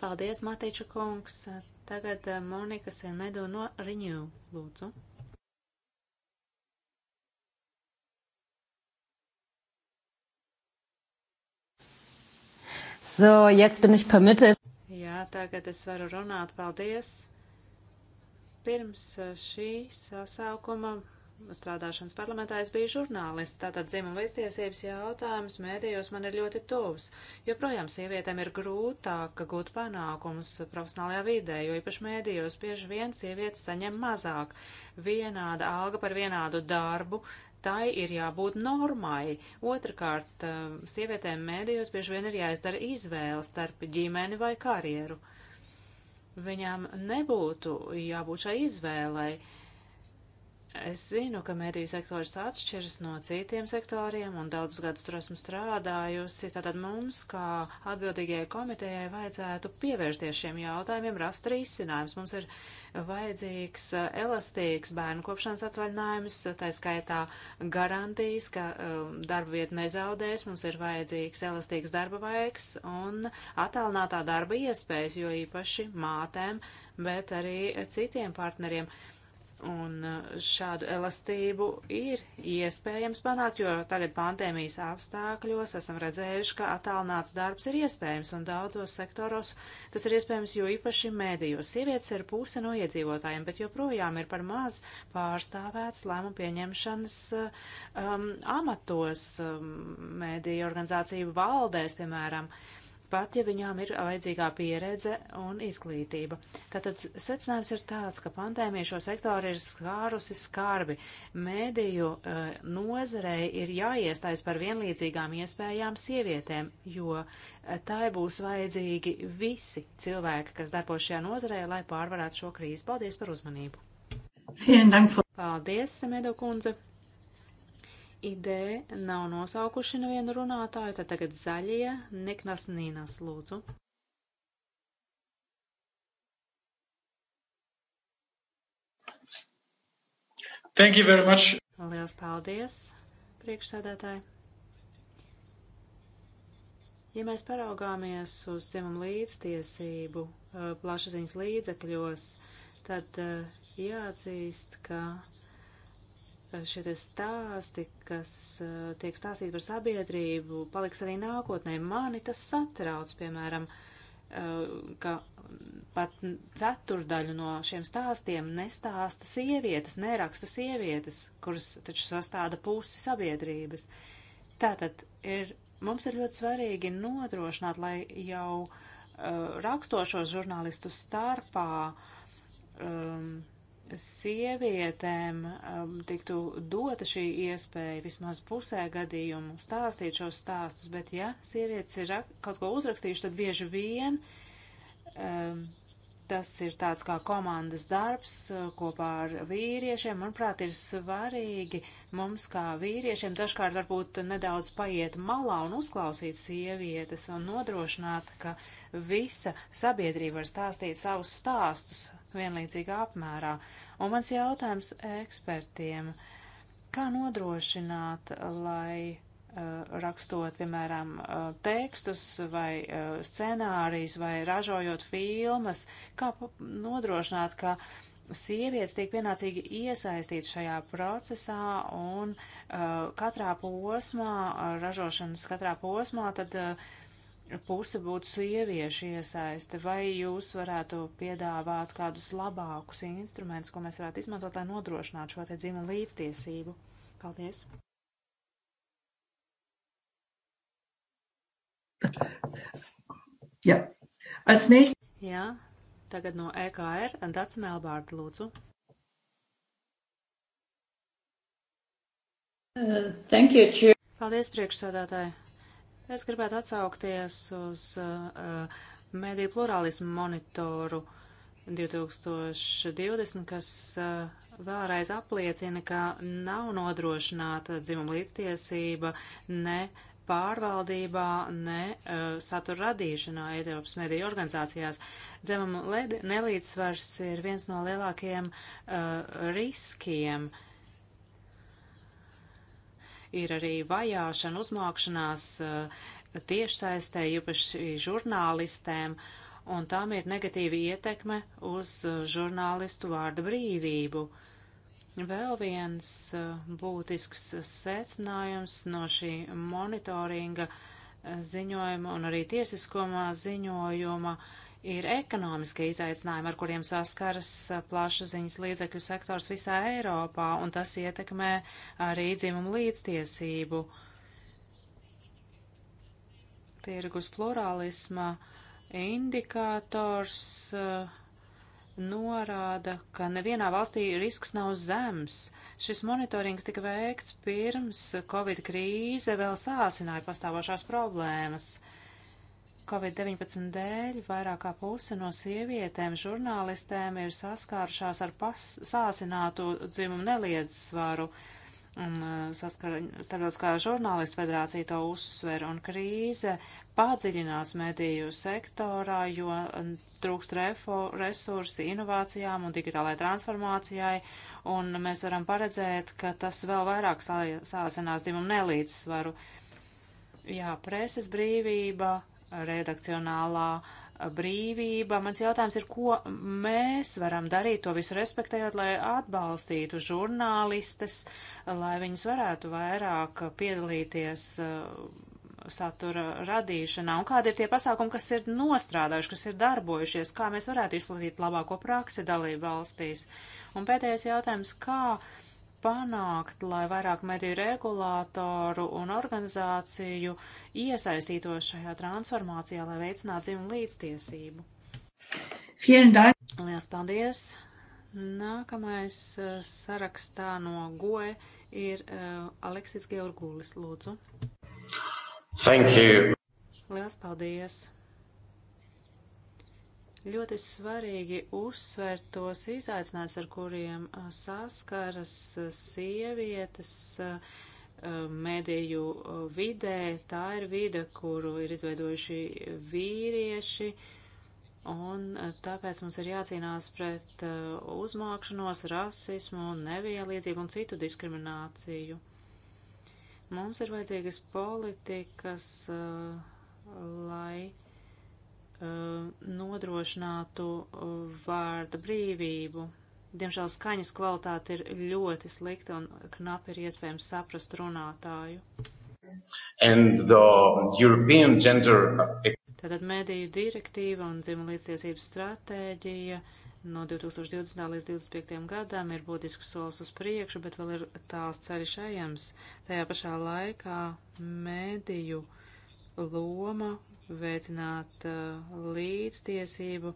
Paldies, Matiča kungs. Tagad eh, Monika Senmedo no Riņū, lūdzu. So, jetzt bin ich permitted. Jā, tagad es varu runāt. Paldies. Pirms eh, šī sasaukuma strādāšanas parlamentā es biju žurnālists, tātad dzimuma līdztiesības jautājums mēdījos man ir ļoti tuvs. Joprojām sievietēm ir grūtāk gūt panākumus profesionālajā vidē, jo īpaši mēdījos bieži vien sievietes saņem mazāk. Vienāda alga par vienādu darbu, tai ir jābūt normai. Otrakārt, eh, sievietēm mēdījos bieži vien ir jāizdara izvēle starp ģimeni vai karjeru. Viņām nebūtu jābūt šai izvēlei Es zinu, ka mediju sektors atšķiras no citiem sektoriem, un daudzus gadus tur esmu strādājusi. Tātad mums, kā atbildīgajai komitejai, vajadzētu pievērsties šiem jautājumiem, rast risinājums. Mums ir vajadzīgs eh, elastīgs bērnu kopšanas atvaļinājums, tā skaitā garantijas, ka um, darba vieta nezaudēs, mums ir vajadzīgs elastīgs darba vaigs un attālinātā darba iespējas, jo īpaši mātēm, bet arī citiem partneriem. Uh, Un eh, šādu elastību ir iespējams panākt, jo tagad pandēmijas apstākļos esam redzējuši, ka attālināts darbs ir iespējams un daudzos sektoros tas ir iespējams, jo īpaši mēdījos sievietes ir puse no iedzīvotājiem, bet joprojām ir par maz pārstāvēts lēmumu pieņemšanas eh, um, amatos um, mēdīju organizāciju valdēs, piemēram. Uh, pat ja viņām ir vajadzīgā pieredze un izglītība. Tātad secinājums ir tāds, ka pandēmija šo sektoru ir skārusi skarbi. Mēdīju uh, nozarei ir jāiestājas par vienlīdzīgām iespējām sievietēm, jo uh, tai būs vajadzīgi visi cilvēki, kas darbojas šajā nozarē, lai pārvarētu šo krīzi. Paldies par uzmanību! Paldies, Semedo kundze! ID nav nosaukuši nevienu runātāju, tad tagad zaļie Niklas Nīnas lūdzu. Thank you very much. Liels paldies, priekšsēdētāji. Ja mēs paraugāmies uz dzimumu līdztiesību uh, plašsaziņas līdzekļos, tad uh, jāatzīst, ka Eh, šie stāsti, kas eh, tiek stāstīti par sabiedrību, paliks arī nākotnē. Mani tas satrauc, piemēram, eh, ka pat ceturdaļu no šiem stāstiem nestāsta sievietes, neraksta sievietes, kuras taču sastāda pusi sabiedrības. Tātad ir, mums ir ļoti svarīgi nodrošināt, lai jau uh, rakstošos žurnālistu starpā um, sievietēm um, tiktu dota šī iespēja vismaz pusē gadījumu stāstīt šos stāstus, bet ja sievietes ir kaut ko uzrakstījušas, tad bieži vien um, tas ir tāds kā komandas darbs uh, kopā ar vīriešiem. Manuprāt, ir svarīgi mums kā vīriešiem dažkārt varbūt nedaudz paiet malā un uzklausīt sievietes un nodrošināt, ka visa sabiedrība var stāstīt savus stāstus vienlīdzīgā apmērā. Un mans jautājums ekspertiem, kā nodrošināt, lai eh, rakstot, piemēram, eh, tekstus vai eh, scenārijus vai ražojot filmas, kā nodrošināt, ka sievietes tiek pienācīgi iesaistītas šajā procesā un katrā posmā, ražošanas katrā posmā, tad uh, puse būtu sieviešu iesaiste, vai jūs varētu piedāvāt kādus labākus instrumentus, ko mēs varētu izmantot, lai nodrošinātu šo te dzimumu līdztiesību? Paldies! Jā, als nächstes. Jā, tagad no EKR Dats Melbārda lūdzu. Uh, thank you, Chair. Paldies, priekšsādātāji. Es gribētu atsaukties uz uh, mediju plurālismu monitoru 2020, kas uh, vēlreiz apliecina, ka nav nodrošināta dzimuma līdztiesība ne pārvaldībā, ne uh, satura radīšanā Eiropas mediju organizācijās. Dzimuma nelīdzsvars ir viens no lielākiem uh, riskiem uh, ir arī vajāšana, uzmākšanās eh, tiešsaistē, īpaši žurnālistēm, un tām ir negatīva ietekme uz eh, žurnālistu vārda brīvību. Vēl viens eh, būtisks secinājums no šī monitoringa ziņojuma un arī tiesiskoma ziņojuma uh, ir ekonomiskie izaicinājumi, ar kuriem saskaras plašsaziņas līdzekļu sektors visā Eiropā, un tas ietekmē arī dzimumu līdztiesību. Tirgus plurālisma indikators norāda, ka nevienā valstī risks nav zems. Šis monitorings tika veikts pirms Covid krīze vēl sāsināja pastāvošās problēmas Covid-19 dēļ vairāk kā puse no sievietēm žurnālistēm ir saskārušās ar sāsinātu dzimumu neliedzsvaru. Un uh, starptautiskā žurnālistu federācija to uzsver, un krīze padziļinās mediju sektorā, jo um, trūkst resursi inovācijām un digitālajai transformācijai, un mēs varam paredzēt, ka tas vēl vairāk sāsinās dzimumu nelīdzsvaru. Jā, preses brīvība redakcionālā brīvība. Mans jautājums ir, ko mēs varam darīt, to visu respektējot, lai atbalstītu žurnālistes, lai viņas varētu vairāk piedalīties uh, satura radīšanā, un kādi ir tie pasākumi, kas ir nostrādājuši, kas ir darbojušies, kā mēs varētu izplatīt labāko praksi dalību valstīs. Un pēdējais jautājums, kā panākt, lai vairāk mediju regulātoru un organizāciju iesaistītos šajā transformācijā, lai veicinātu dzimumu līdztiesību? Lielas paldies! Nākamais uh, sarakstā no GOE ir uh, Aleksis Georgulis, lūdzu. Thank you! Lielas paldies! Ļoti svarīgi uzsvērt tos izaicinājumus, ar kuriem saskaras sievietes mediju vidē. Tā ir vide, kuru ir izveidojuši vīrieši, un tāpēc mums ir jācīnās pret uzmākšanos, rasismu, nevienlīdzību un citu diskrimināciju. Mums ir vajadzīgas politikas, lai Uh, nodrošinātu uh, vārda brīvību. Diemžēl skaņas kvalitāte ir ļoti slikta un knapi ir iespējams saprast runātāju. Gender... Tātad mediju direktīva un dzimumlīdztiesības stratēģija no 2020. līdz 2025. gadam ir būtisks solis uz priekšu, bet vēl ir tāls ceļš ejams. Tajā pašā laikā mediju loma veicināt uh, līdztiesību,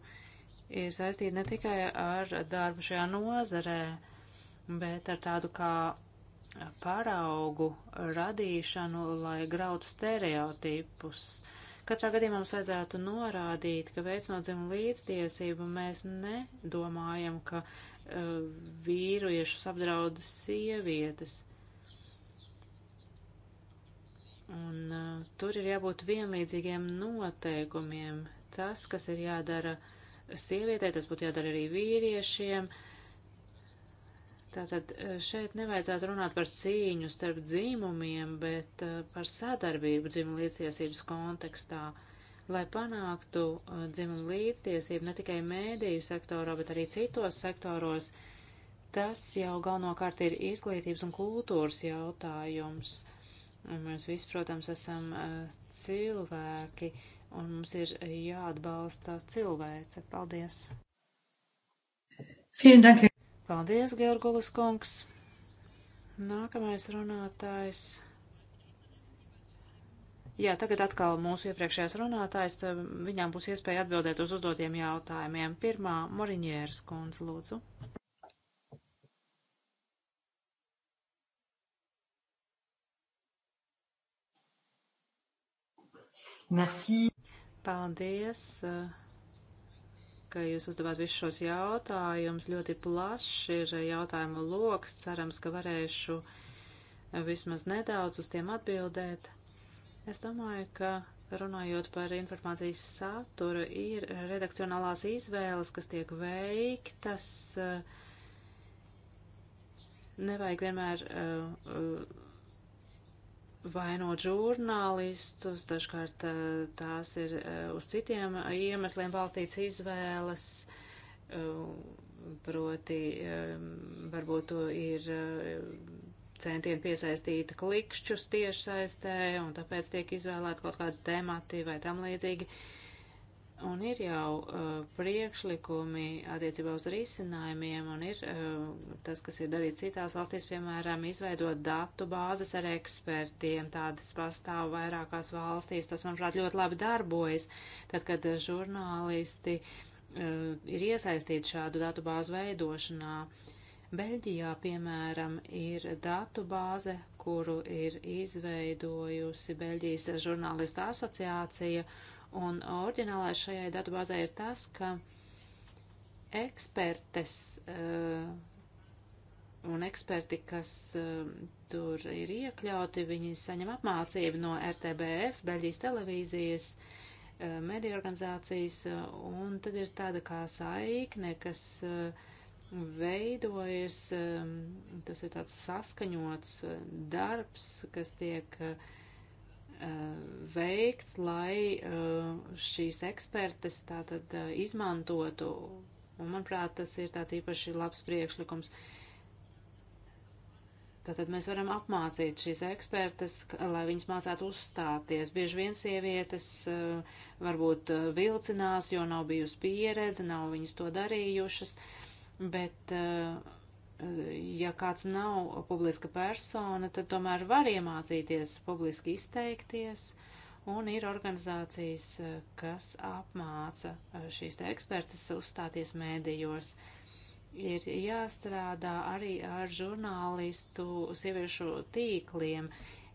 ir saistīta ne tikai ar darbu šajā nozarē, bet ar tādu kā paraugu radīšanu, lai grautu stereotipus. Katrā gadījumā mums vajadzētu norādīt, ka veicinot dzimumu līdztiesību mēs nedomājam, ka uh, vīriešus apdraud sievietes. Uh, Un uh, tur ir jābūt vienlīdzīgiem noteikumiem. Tas, kas ir jādara sievietē, tas būtu jādara arī vīriešiem. Tātad uh, šeit nevajadzētu runāt par cīņu starp dzīmumiem, bet uh, par sadarbību dzimumu līdztiesības kontekstā, lai panāktu uh, dzimumu līdztiesību ne tikai mēdīju sektorā, bet arī citos sektoros. Tas jau galvenokārt ir izglītības un kultūras jautājums. Uh, Un mēs visi, protams, esam eh, cilvēki, un mums ir jāatbalsta cilvēce. Paldies! Paldies, Georgulis kungs! Nākamais runātājs. Jā, tagad atkal mūsu iepriekšējais runātājs, viņām būs iespēja atbildēt uz uzdotiem jautājumiem. Pirmā, Moriņieras kundze, lūdzu. Merci. Paldies, eh, ka jūs uzdevāt visus šos jautājumus. Ļoti plašs ir eh, jautājumu loks. Cerams, ka varēšu eh, vismaz nedaudz uz tiem atbildēt. Es domāju, ka runājot par informācijas saturu, ir redakcionālās izvēles, kas tiek veiktas. Nevajag vienmēr uh, vainot žurnālistus, dažkārt eh, tās ir eh, uz citiem eh, iemesliem balstīts izvēles, proti varbūt to ir centieni piesaistīt klikšķus tiešsaistē, un tāpēc tiek izvēlēti kaut kādi temati vai tam līdzīgi. Uh, Un ir jau uh, priekšlikumi attiecībā uz risinājumiem, un ir uh, tas, kas ir darīts citās valstīs, piemēram, izveidot datu bāzes ar ekspertiem. Tādas pastāv vairākās valstīs. Tas, manuprāt, ļoti labi darbojas. Tad, kad uh, žurnālisti uh, ir iesaistīti šādu datu bāzu veidošanā, Beļģijā, piemēram, ir datu bāze, kuru ir izveidojusi Beļģijas žurnālistu asociācija. Uh, Un orģinālais šajai datubāzē ir tas, ka ekspertes uh, un eksperti, kas uh, tur ir iekļauti, viņi saņem apmācību no RTBF, Beļģijas televīzijas, uh, mediju organizācijas, un tad ir tāda kā saikne, kas veidojas, tas ir tāds saskaņots darbs, kas tiek uh, Eh, veikts, lai eh, šīs ekspertes tātad eh, izmantotu. Un, manuprāt, tas ir tāds īpaši labs priekšlikums. Tātad mēs varam apmācīt šīs ekspertas, lai viņas mācētu uzstāties. Bieži vien sievietes varbūt vilcinās, jo nav bijusi pieredze, nav viņas to darījušas, bet uh, ja kāds nav publiska persona, tad tomēr var iemācīties publiski izteikties, un ir organizācijas, eh, kas apmāca eh, šīs te ekspertas uzstāties mēdījos. Ir jāstrādā arī ar žurnālistu sieviešu tīkliem.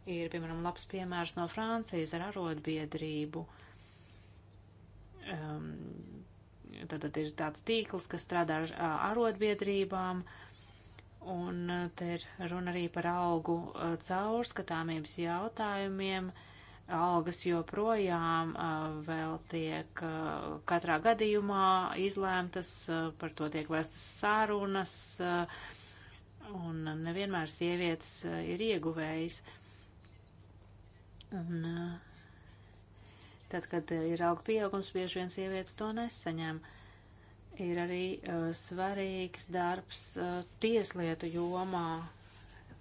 Ir, piemēram, labs piemērs no Francijas ar arotbiedrību. Um, tad ir tāds tīkls, kas strādā ar eh, arotbiedrībām. Ar Un e, te ir runa arī par algu e, caurskatāmības jautājumiem. Algas joprojām e, vēl tiek katrā gadījumā izlēmtas, par to tiek vēstas sarunas, un nevienmēr sievietes ir ieguvējas. Un tad, kad ir auga pieaugums, bieži vien sievietes to nesaņem. Uh, ir arī uh, svarīgs darbs uh, tieslietu jomā.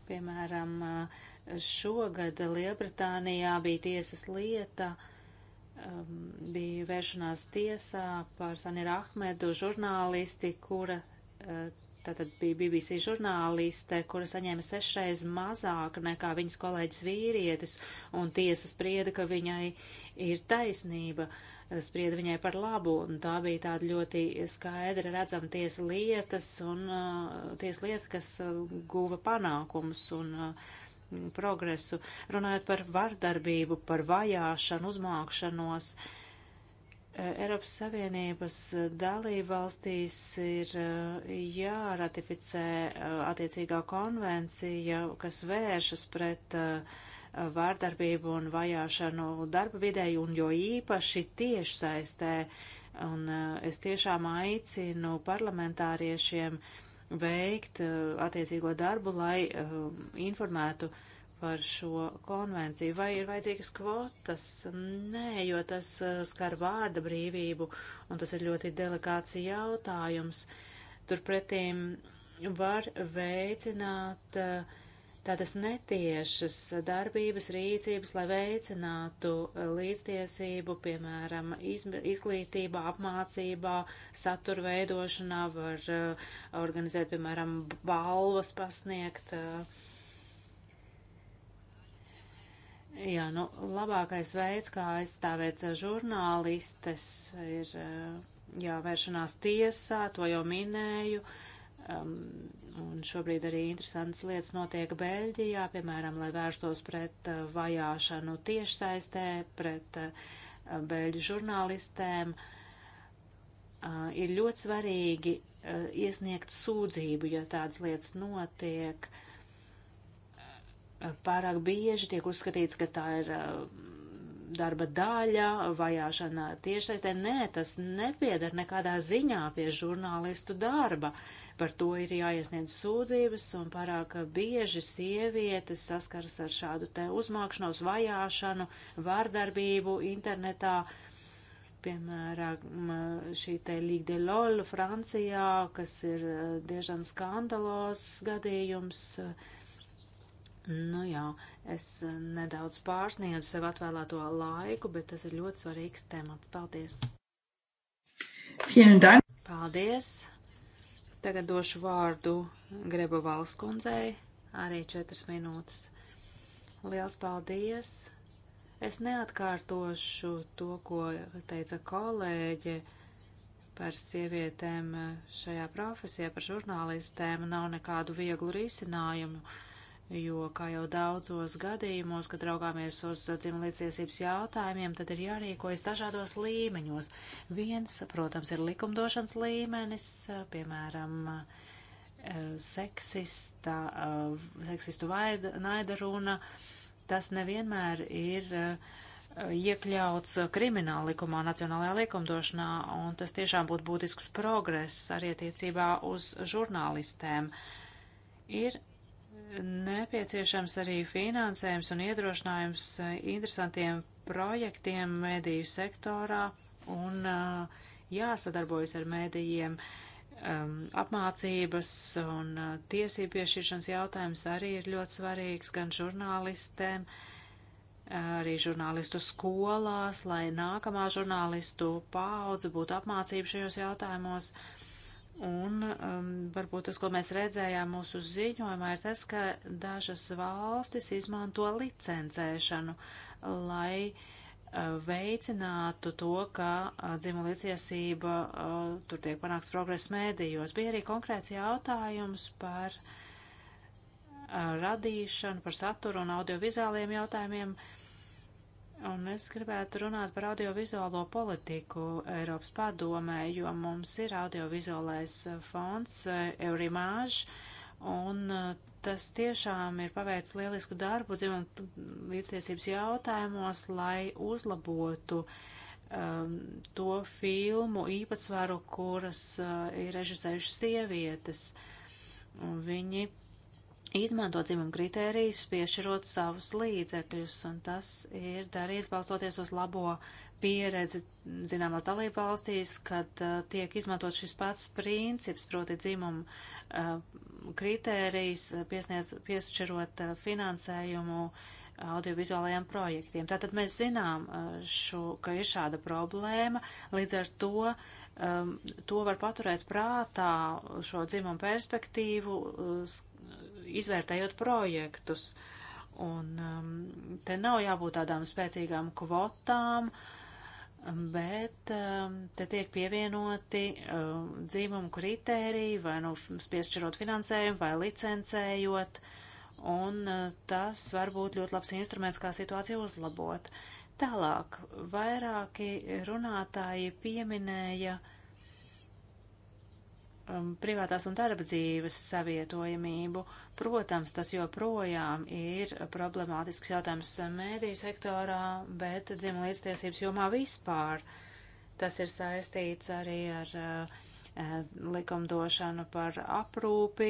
Piemēram, uh, šogad Lielbritānijā bija tiesas lieta, um, bija vēršanās tiesā par Sanira Ahmedu žurnālisti, kura uh, tātad bija BBC žurnāliste, kura saņēma sešreiz mazāk nekā viņas kolēģis vīrietis, un tiesa sprieda, ka viņai ir taisnība. Uh, sprieda viņai par labu, un tā bija tāda ļoti skaidra redzama tiesa lietas, un uh, tiesa lieta, kas uh, guva panākumus un uh, progresu. Runājot par vardarbību, par vajāšanu, uzmākšanos, Eiropas Savienības dalībvalstīs ir jāratificē attiecīgā konvencija, kas vēršas pret uh, vārdarbību un vajāšanu darba vidē, un jo īpaši tiešsaistē. Un uh, es tiešām aicinu parlamentāriešiem veikt uh, attiecīgo darbu, lai um, informētu par šo konvenciju. Vai ir vajadzīgas kvotas? Nē, jo tas uh, skar vārda brīvību, un tas ir ļoti delikāts jautājums. Turpretīm var veicināt uh, tādas netiešas darbības, rīcības, lai veicinātu e, līdztiesību, piemēram, izglītībā, apmācībā, satura veidošanā, var e, organizēt, piemēram, balvas pasniegt. E. Jā, nu, labākais veids, kā aizstāvēt žurnālistes, ir jāvēršanās tiesā, to jau minēju. Uh, Um, un šobrīd arī interesantas lietas notiek Beļģijā, piemēram, lai vērstos pret uh, vajāšanu tiešsaistē, pret uh, beļģu žurnālistēm. Uh, ir ļoti svarīgi uh, iesniegt sūdzību, ja tādas lietas notiek. Uh, pārāk bieži tiek uzskatīts, ka tā ir uh, darba daļa, vajāšana tiešsaistē. Nē, tas nepiedara nekādā ziņā pie žurnālistu darba. Uh, par to ir jāiesniedz sūdzības, un pārāk bieži sievietes saskaras ar šādu te uzmākšanos, vajāšanu, vārdarbību internetā. Piemēram, šī te Ligue de Lol Francijā, kas ir eh, diezgan skandalos gadījums. Nu jā, es eh, nedaudz pārsniedzu sev atvēlēto laiku, bet tas ir ļoti svarīgs temats. Paldies! Vielen Dank! Paldies! Tagad došu vārdu Greba Valskundzei, arī četras minūtes. Liels paldies! Es neatkārtošu to, ko teica kolēģe par sievietēm šajā profesijā, par žurnālistēm. Nav nekādu vieglu risinājumu. Uh, jo, kā jau daudzos gadījumos, kad raugāmies uz dzimumlīdziesības jautājumiem, tad ir jārīkojas dažādos līmeņos. Viens, protams, ir likumdošanas līmenis, piemēram, eh, seksista, eh, seksistu vaida, naida runa. Tas nevienmēr ir eh, iekļauts krimināla likumā, nacionālajā likumdošanā, un tas tiešām būtu būtisks progress arī attiecībā uz žurnālistēm. Ir nepieciešams arī finansējums un iedrošinājums eh, interesantiem projektiem mediju sektorā un eh, jāsadarbojas ar medijiem. Ehm, apmācības un eh, tiesību piešķiršanas jautājums arī ir ļoti svarīgs gan žurnālistiem, arī žurnālistu skolās, lai nākamā žurnālistu paudze būtu apmācība šajos jautājumos. Uh, Un um, varbūt tas, ko mēs redzējām mūsu ziņojumā, ir tas, ka dažas valstis izmanto licencēšanu, lai uh, veicinātu to, ka uh, dzimumlīdziesība uh, tur tiek panāks progress mēdījos. Bija arī konkrēts jautājums par uh, radīšanu, par saturu un audiovizuāliem jautājumiem. Uh, Un es gribētu runāt par audiovizuālo politiku Eiropas padomē, jo mums ir audiovizuālais eh, fonds eh, Eurimāž, un eh, tas tiešām ir paveicis lielisku darbu dzimumu līdztiesības jautājumos, lai uzlabotu um, to filmu īpatsvaru, kuras uh, ir režisējušas sievietes. Un viņi izmanto dzimumu kritērijus, piešķirot savus līdzekļus, un tas ir darīts balstoties uz labo pieredzi zināmās dalība valstīs, kad uh, tiek izmantot šis pats princips, proti dzimumu uh, kritērijs, uh, piesniedz, piešķirot uh, finansējumu uh, audiovizuālajiem projektiem. Tātad mēs zinām, uh, šo, ka ir šāda problēma, līdz ar to um, to var paturēt prātā šo dzimumu perspektīvu, izvērtējot projektus. Un um, te nav jābūt tādām spēcīgām kvotām, um, bet um, te tiek pievienoti um, dzīvumu kritēriji, vai nu piešķirot finansējumu, vai licencējot, un uh, tas var būt ļoti labs instruments, kā situāciju uzlabot. Tālāk vairāki runātāji pieminēja uh, um, privātās un darba dzīves savietojamību. Protams, tas joprojām ir problemātisks jautājums mēdīju sektorā, bet dzimuma līdztiesības jomā vispār. Tas ir saistīts arī ar uh, likumdošanu par aprūpi,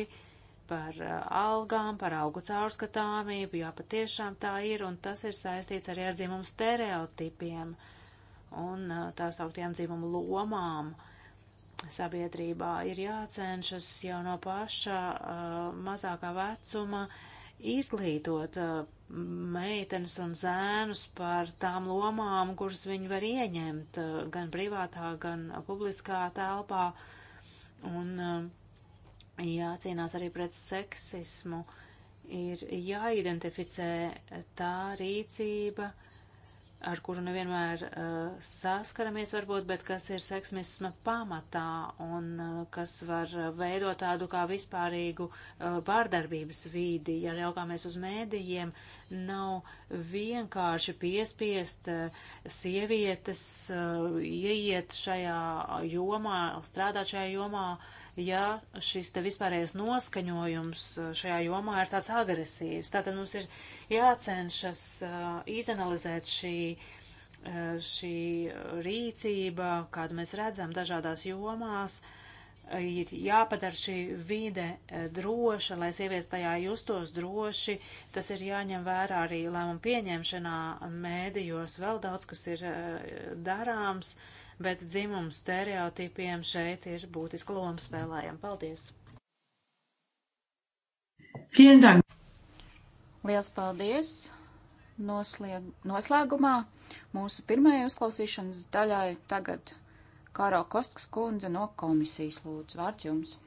par uh, algām, par augu caurskatāmību, jo patiešām tā ir, un tas ir saistīts arī ar dzimumu stereotipiem un uh, tā sauktiem dzimumu lomām. Uh, sabiedrībā. Ir jācenšas jau no paša uh, mazākā vecuma izglītot uh, meitenes un zēnus par tām lomām, kuras viņi var ieņemt uh, gan privātā, gan publiskā telpā. Un uh, jācīnās arī pret seksismu. Ir jāidentificē tā rīcība, uh, ar kuru nevienmēr uh, saskaramies varbūt, bet kas ir seksmisma pamatā un uh, kas var veidot tādu kā vispārīgu uh, eh, pārdarbības vīdi. Ja raugāmies uz mēdījiem, nav vienkārši piespiest uh, sievietes uh, ieiet šajā jomā, strādāt šajā jomā uh, ja šis te vispārējais noskaņojums uh, šajā jomā ir tāds agresīvs. Tātad mums ir jācenšas uh, izanalizēt šī, uh, šī rīcība, kādu mēs redzam dažādās jomās, ir jāpadara šī vide droša, lai sievietes tajā justos droši. Tas ir jāņem vērā arī lēmumu pieņemšanā, mēdījos, vēl daudz, kas ir darāms. Uh, bet dzimumu stereotipiem šeit ir būtiska loma spēlējama. Paldies! Vielen Liels paldies! Noslieg, noslēgumā mūsu pirmajai uzklausīšanas daļai tagad Kāro Kostkas kundze no komisijas lūdzu. Vārds jums!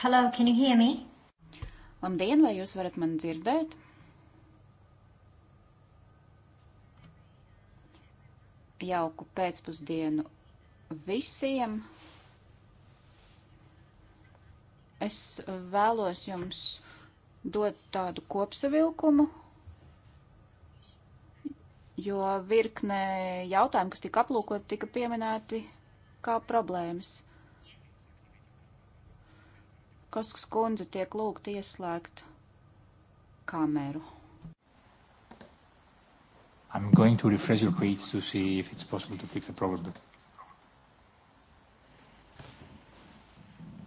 Hello, can you hear me? Labdien, vai jūs varat mani dzirdēt? Jauku pēcpusdienu visiem. Es vēlos jums dot tādu kopsavilkumu, jo virknē jautājumu, kas tika aplūkot, tika pieminēti kā problēmas. Koskas kundze tiek lūgta ieslēgt kameru. I'm going to refresh your page to see if it's possible to fix the problem.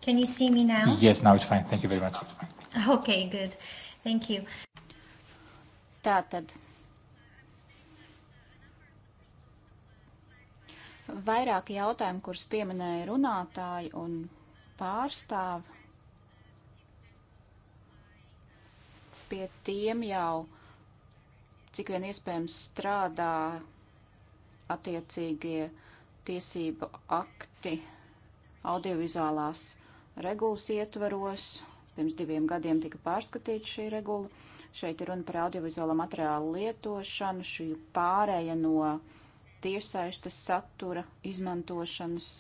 Can you see me now? Yes, now it's fine. Thank you very much. Okay, good. Thank you. Tātad. Vairāki jautājumi, kurus pieminēja runātāji un pārstāvi pie tiem jau cik vien iespējams strādā attiecīgie tiesību akti audiovizuālās regulas ietvaros. Pirms diviem gadiem tika pārskatīta šī regula. Šeit ir runa par audiovizuālo materiālu lietošanu, šī pārēja no tiešsaistes satura izmantošanas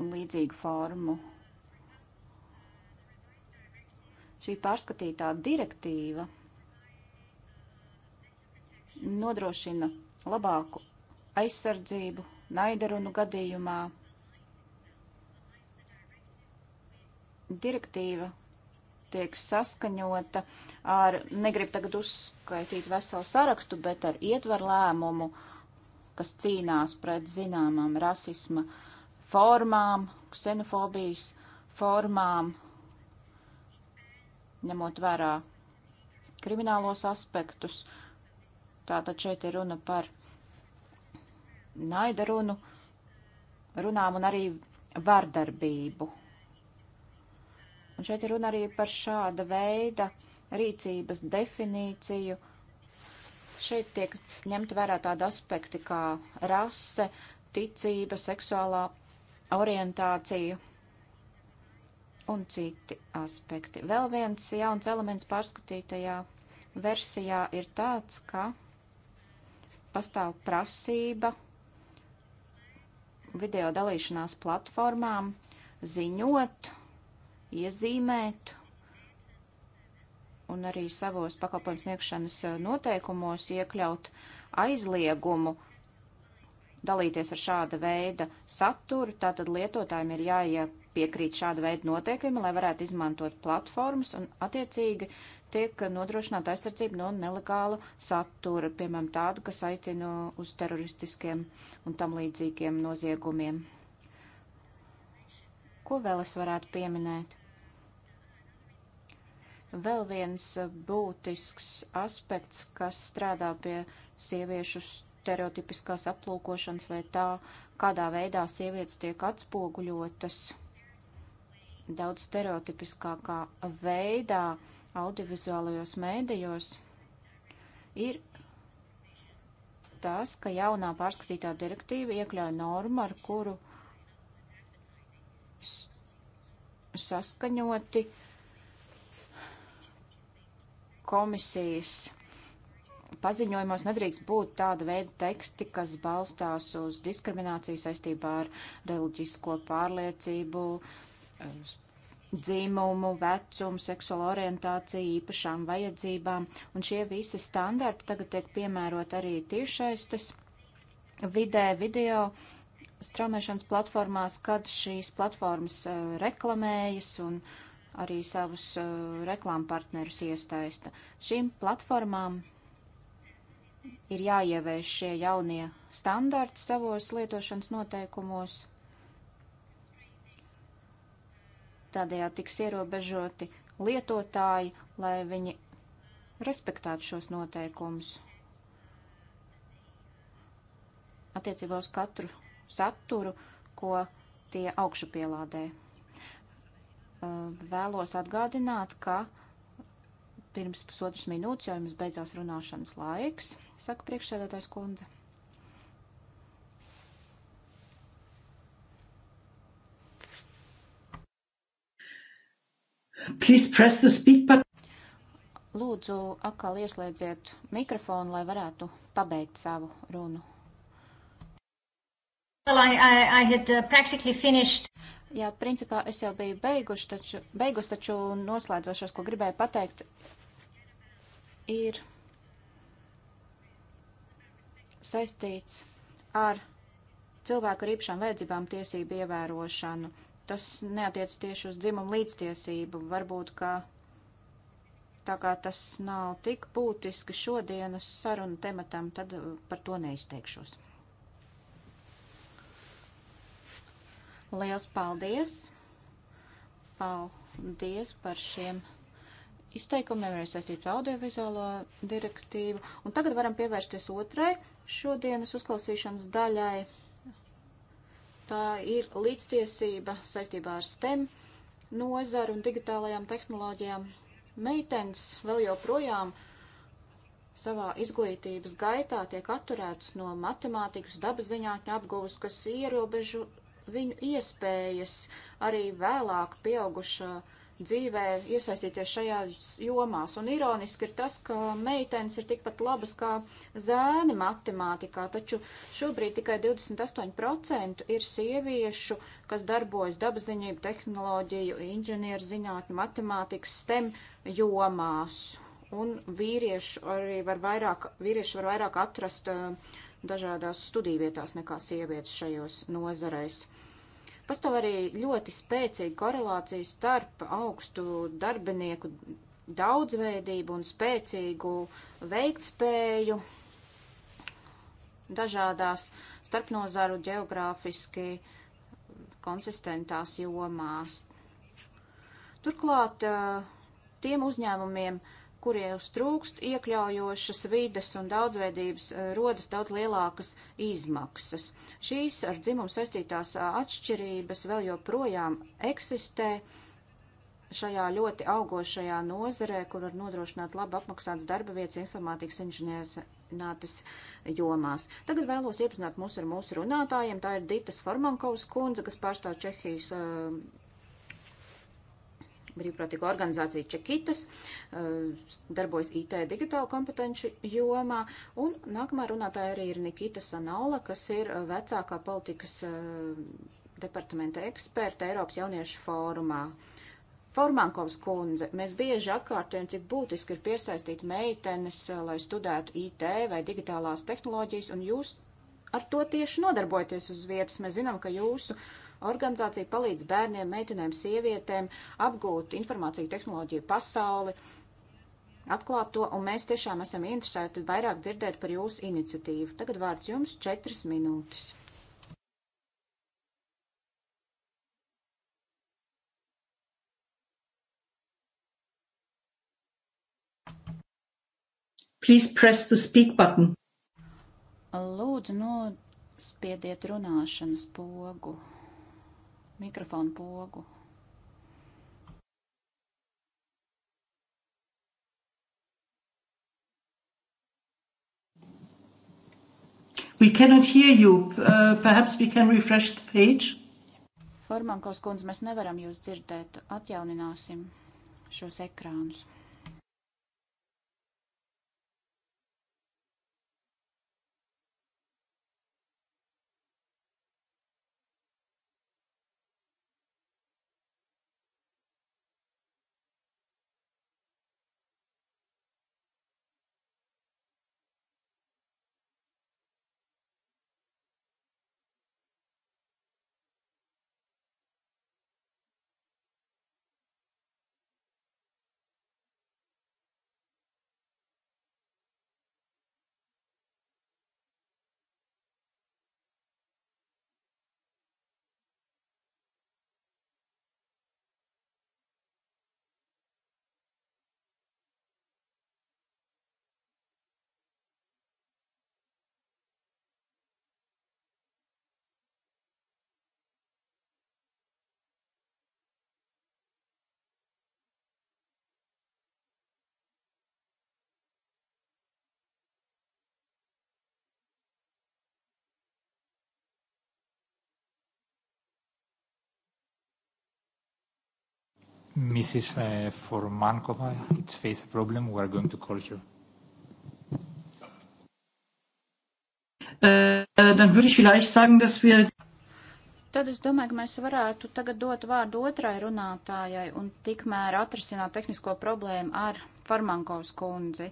un līdzīgu formu Šī pārskatītā direktīva nodrošina labāku aizsardzību naidarunu gadījumā. Direktīva tiek saskaņota ar, negrib tagad uzskaitīt veselu sarakstu, bet ar ietver lēmumu, kas cīnās pret zināmām rasisma formām, ksenofobijas formām, ņemot vērā kriminālos aspektus. Tātad šeit ir runa par naida runu, runām un arī vardarbību. Un šeit ir runa arī par šāda veida rīcības definīciju. Šeit tiek ņemta vērā tāda aspekti kā rase, ticība, seksuālā orientācija un citi aspekti. Vēl viens jauns elements pārskatītajā versijā ir tāds, ka pastāv prasība video dalīšanās platformām ziņot, iezīmēt un arī savos pakalpojums sniegšanas eh, noteikumos iekļaut aizliegumu dalīties ar šāda veida saturu, tātad lietotājiem ir jāie piekrīt šādu veidu noteikumi, lai varētu izmantot platformas un attiecīgi tiek nodrošināta aizsardzība no nelegāla satura, piemēram, tādu, kas aicina uz teroristiskiem un tam līdzīgiem noziegumiem. Ko vēl es varētu pieminēt? Vēl viens būtisks aspekts, kas strādā pie sieviešu stereotipiskās aplūkošanas vai tā, kādā veidā sievietes tiek atspoguļotas daudz stereotipiskākā veidā audiovizuālajos mēdījos, ir tas, ka jaunā pārskatītā direktīva iekļauj normu, ar kuru saskaņoti komisijas paziņojumos nedrīkst būt tāda veida teksti, kas balstās uz diskrimināciju saistībā ar reliģisko pārliecību, uh, dzimumu, vecumu, seksuālo orientāciju, īpašām vajadzībām, un šie visi standarti tagad tiek piemērot arī tiešaistes vidē, video straumēšanas platformās, kad šīs platformas uh, reklamējas un arī savus uh, eh, reklāmpartnerus iestaista. Šīm platformām ir jāievieš šie jaunie standarti savos lietošanas noteikumos Tādējādi tiks ierobežoti lietotāji, lai viņi respektētu šos noteikumus. Attiecībā uz katru saturu, ko tie augšupielādē. Vēlos atgādināt, ka pirms pusotras minūtes jau jums beidzās runāšanas laiks, saka priekšsēdētājs kundze. Please press the speak button. Lūdzu, atkal ieslēdziet mikrofonu, lai varētu pabeigt savu runu. Well, I, I, I had uh, practically finished. Jā, principā es jau biju beiguši, taču, beigus, taču noslēdzošos, ko gribēju pateikt, ir saistīts ar cilvēku ar īpašām vajadzībām tiesību ievērošanu tas neatiec tieši uz dzimumu līdztiesību. Varbūt, ka tā kā tas nav tik būtiski šodienas sarunu tematam, tad uh, par to neizteikšos. Liels paldies! Paldies par šiem izteikumiem, arī saistībā ar audiovizuālo direktīvu. Un tagad varam pievērsties otrai šodienas uzklausīšanas daļai. Tā ir līdztiesība saistībā ar STEM nozaru un digitālajām tehnoloģijām. Meitenes vēl joprojām savā izglītības gaitā tiek atturētas no matemātikas, dabas zinātņu apgūves, kas ierobežo viņu iespējas arī vēlāk pieaugušā uh, dzīvē iesaistīties šajās jomās. Un ironiski ir tas, ka meitenes ir tikpat labas kā zēni matemātikā, taču šobrīd tikai 28% ir sieviešu, kas darbojas dabaziņību, tehnoloģiju, inženierzinātņu, matemātikas, STEM jomās. Un vīrieši arī var vairāk, vīrieši var vairāk atrast uh, dažādās studiju vietās nekā sievietes šajos nozareis. Pastāv arī ļoti spēcīga korelācija starp augstu darbinieku daudzveidību un spēcīgu veiktspēju dažādās starpnozaru geogrāfiski konsistentās jomās. Turklāt tiem uzņēmumiem, uh, kuriem trūkst iekļaujošas vides un daudzveidības, eh, rodas daudz lielākas izmaksas. Šīs ar dzimumu saistītās eh, atšķirības vēl joprojām eksistē šajā ļoti augošajā nozarē, kur var nodrošināt labi apmaksāts darba vietas informātikas inženierzinātnes jomās. Tagad vēlos iepazināt mūs ar mūsu runātājiem. Tā ir Ditas Formankovas kundze, kas pārstāv Čehijas uh, brīvprātīgo organizāciju Čekitas, eh, darbojas IT digitāla kompetenci jomā, un nākamā runātāja arī ir Nikita Sanaula, kas ir eh, vecākā politikas eh, departamenta eksperta Eiropas jauniešu fórumā. Formankovs kundze, mēs bieži atkārtojam, cik būtiski ir piesaistīt meitenes, lai studētu IT vai digitālās tehnoloģijas, un jūs ar to tieši nodarbojaties uz vietas. Mēs zinām, ka jūsu uh, Organizācija palīdz bērniem, meitenēm, sievietēm apgūt informāciju tehnoloģiju pasauli, atklāt to, un mēs tiešām esam interesēti vairāk dzirdēt par jūsu iniciatīvu. Tagad vārds jums četras minūtes. Please press the speak button. Lūdzu, nospiediet runāšanas pogu mikrofonu pogu. We cannot hear you. Uh, perhaps we can refresh the page. Formankos kundze, mēs nevaram jūs dzirdēt. Atjaunināsim šos ekrānus. Mrs. Uh, eh, Formankova, it's face a problem. We are going to call her. Äh, eh, eh, dann würde ich vielleicht sagen, dass wir. Tad es domāju, ka mēs varētu tagad dot vārdu otrai runātājai un tikmēr atrisināt tehnisko problēmu ar Formankovas kundzi.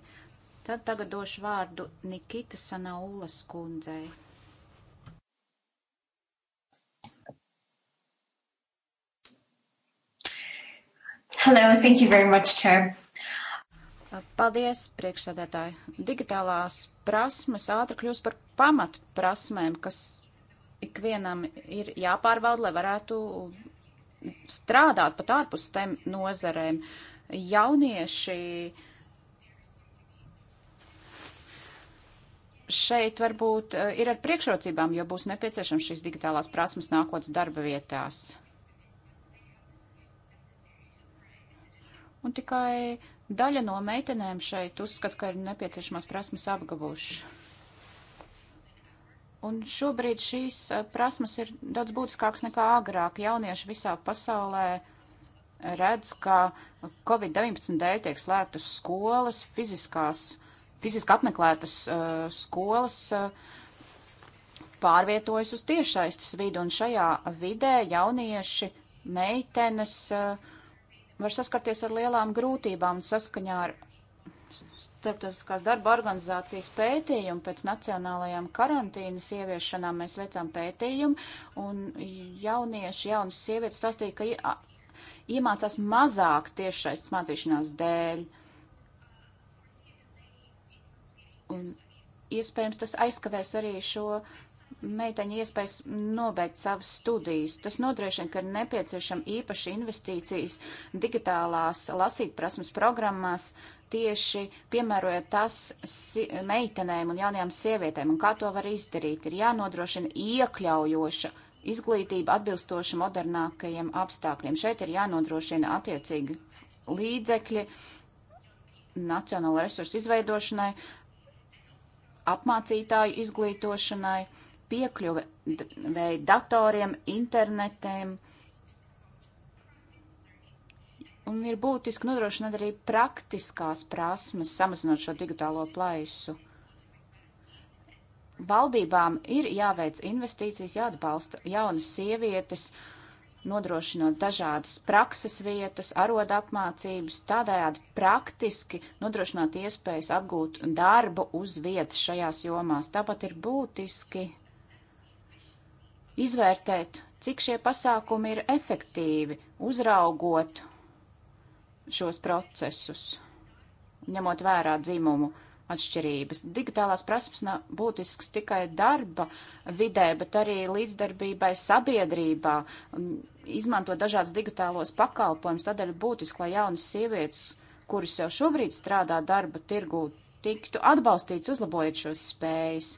Tad tagad došu vārdu Nikita Sanaulas kundzei. Hello, thank you very much, Chair. Paldies, priekšsēdētāji. Digitālās prasmes ātri kļūst par pamat prasmēm, kas ikvienam ir jāpārbauda, lai varētu strādāt pat ārpus tiem nozarēm. Jaunieši šeit varbūt eh, ir ar priekšrocībām, jo būs nepieciešams šīs digitālās prasmes nākotnes darba vietās. un tikai daļa no meitenēm šeit uzskata, ka ir nepieciešamās prasmes apgabūšas. Un šobrīd šīs eh, prasmes ir daudz būtiskākas nekā agrāk. Jaunieši visā pasaulē redz, ka Covid-19 dēļ tiek slēgtas skolas, fiziskās, fiziski apmeklētas uh, skolas uh, pārvietojas uz tiešsaistes vidu, un šajā vidē jaunieši, meitenes uh, var saskarties ar lielām grūtībām saskaņā ar Starptautiskās darba organizācijas pētījumu pēc nacionālajām karantīnas ieviešanām mēs veicām pētījumu, un jaunieši, jaunas sievietes stāstīja, ka iemācās mazāk tiešais mācīšanās dēļ. Un iespējams tas aizkavēs arī šo uh, meiteņa iespējas nobeigt savas studijas. Tas nodrošina, ka ir nepieciešama īpaša investīcijas digitālās lasītprasmes programmās, tieši piemērojot tas si meitenēm un jaunajām sievietēm. Un kā to var izdarīt? Ir jānodrošina iekļaujoša izglītība atbilstoši modernākajiem apstākļiem. Šeit ir jānodrošina attiecīgi līdzekļi nacionāla resursu izveidošanai, apmācītāju izglītošanai piekļuve vai datoriem, internetēm. Un ir būtiski nodrošināt arī praktiskās prasmes, samazinot šo digitālo plaisu. Valdībām ir jāveic investīcijas, jāatbalsta jaunas sievietes, nodrošinot dažādas prakses vietas, aroda apmācības, tādējādi praktiski nodrošināt iespējas apgūt darbu uz vietas šajās jomās. Tāpat ir būtiski izvērtēt, cik šie pasākumi ir efektīvi, uzraugot šos procesus, ņemot vērā dzimumu atšķirības. Digitālās prasmes nav būtisks tikai darba vidē, bet arī līdzdarbībai sabiedrībā, izmanto dažādas digitālos pakalpojumus. Tādēļ būtiski, lai jaunas sievietes, kuras jau šobrīd strādā darba tirgū, tiktu atbalstīts, uzlabojot šos spējas.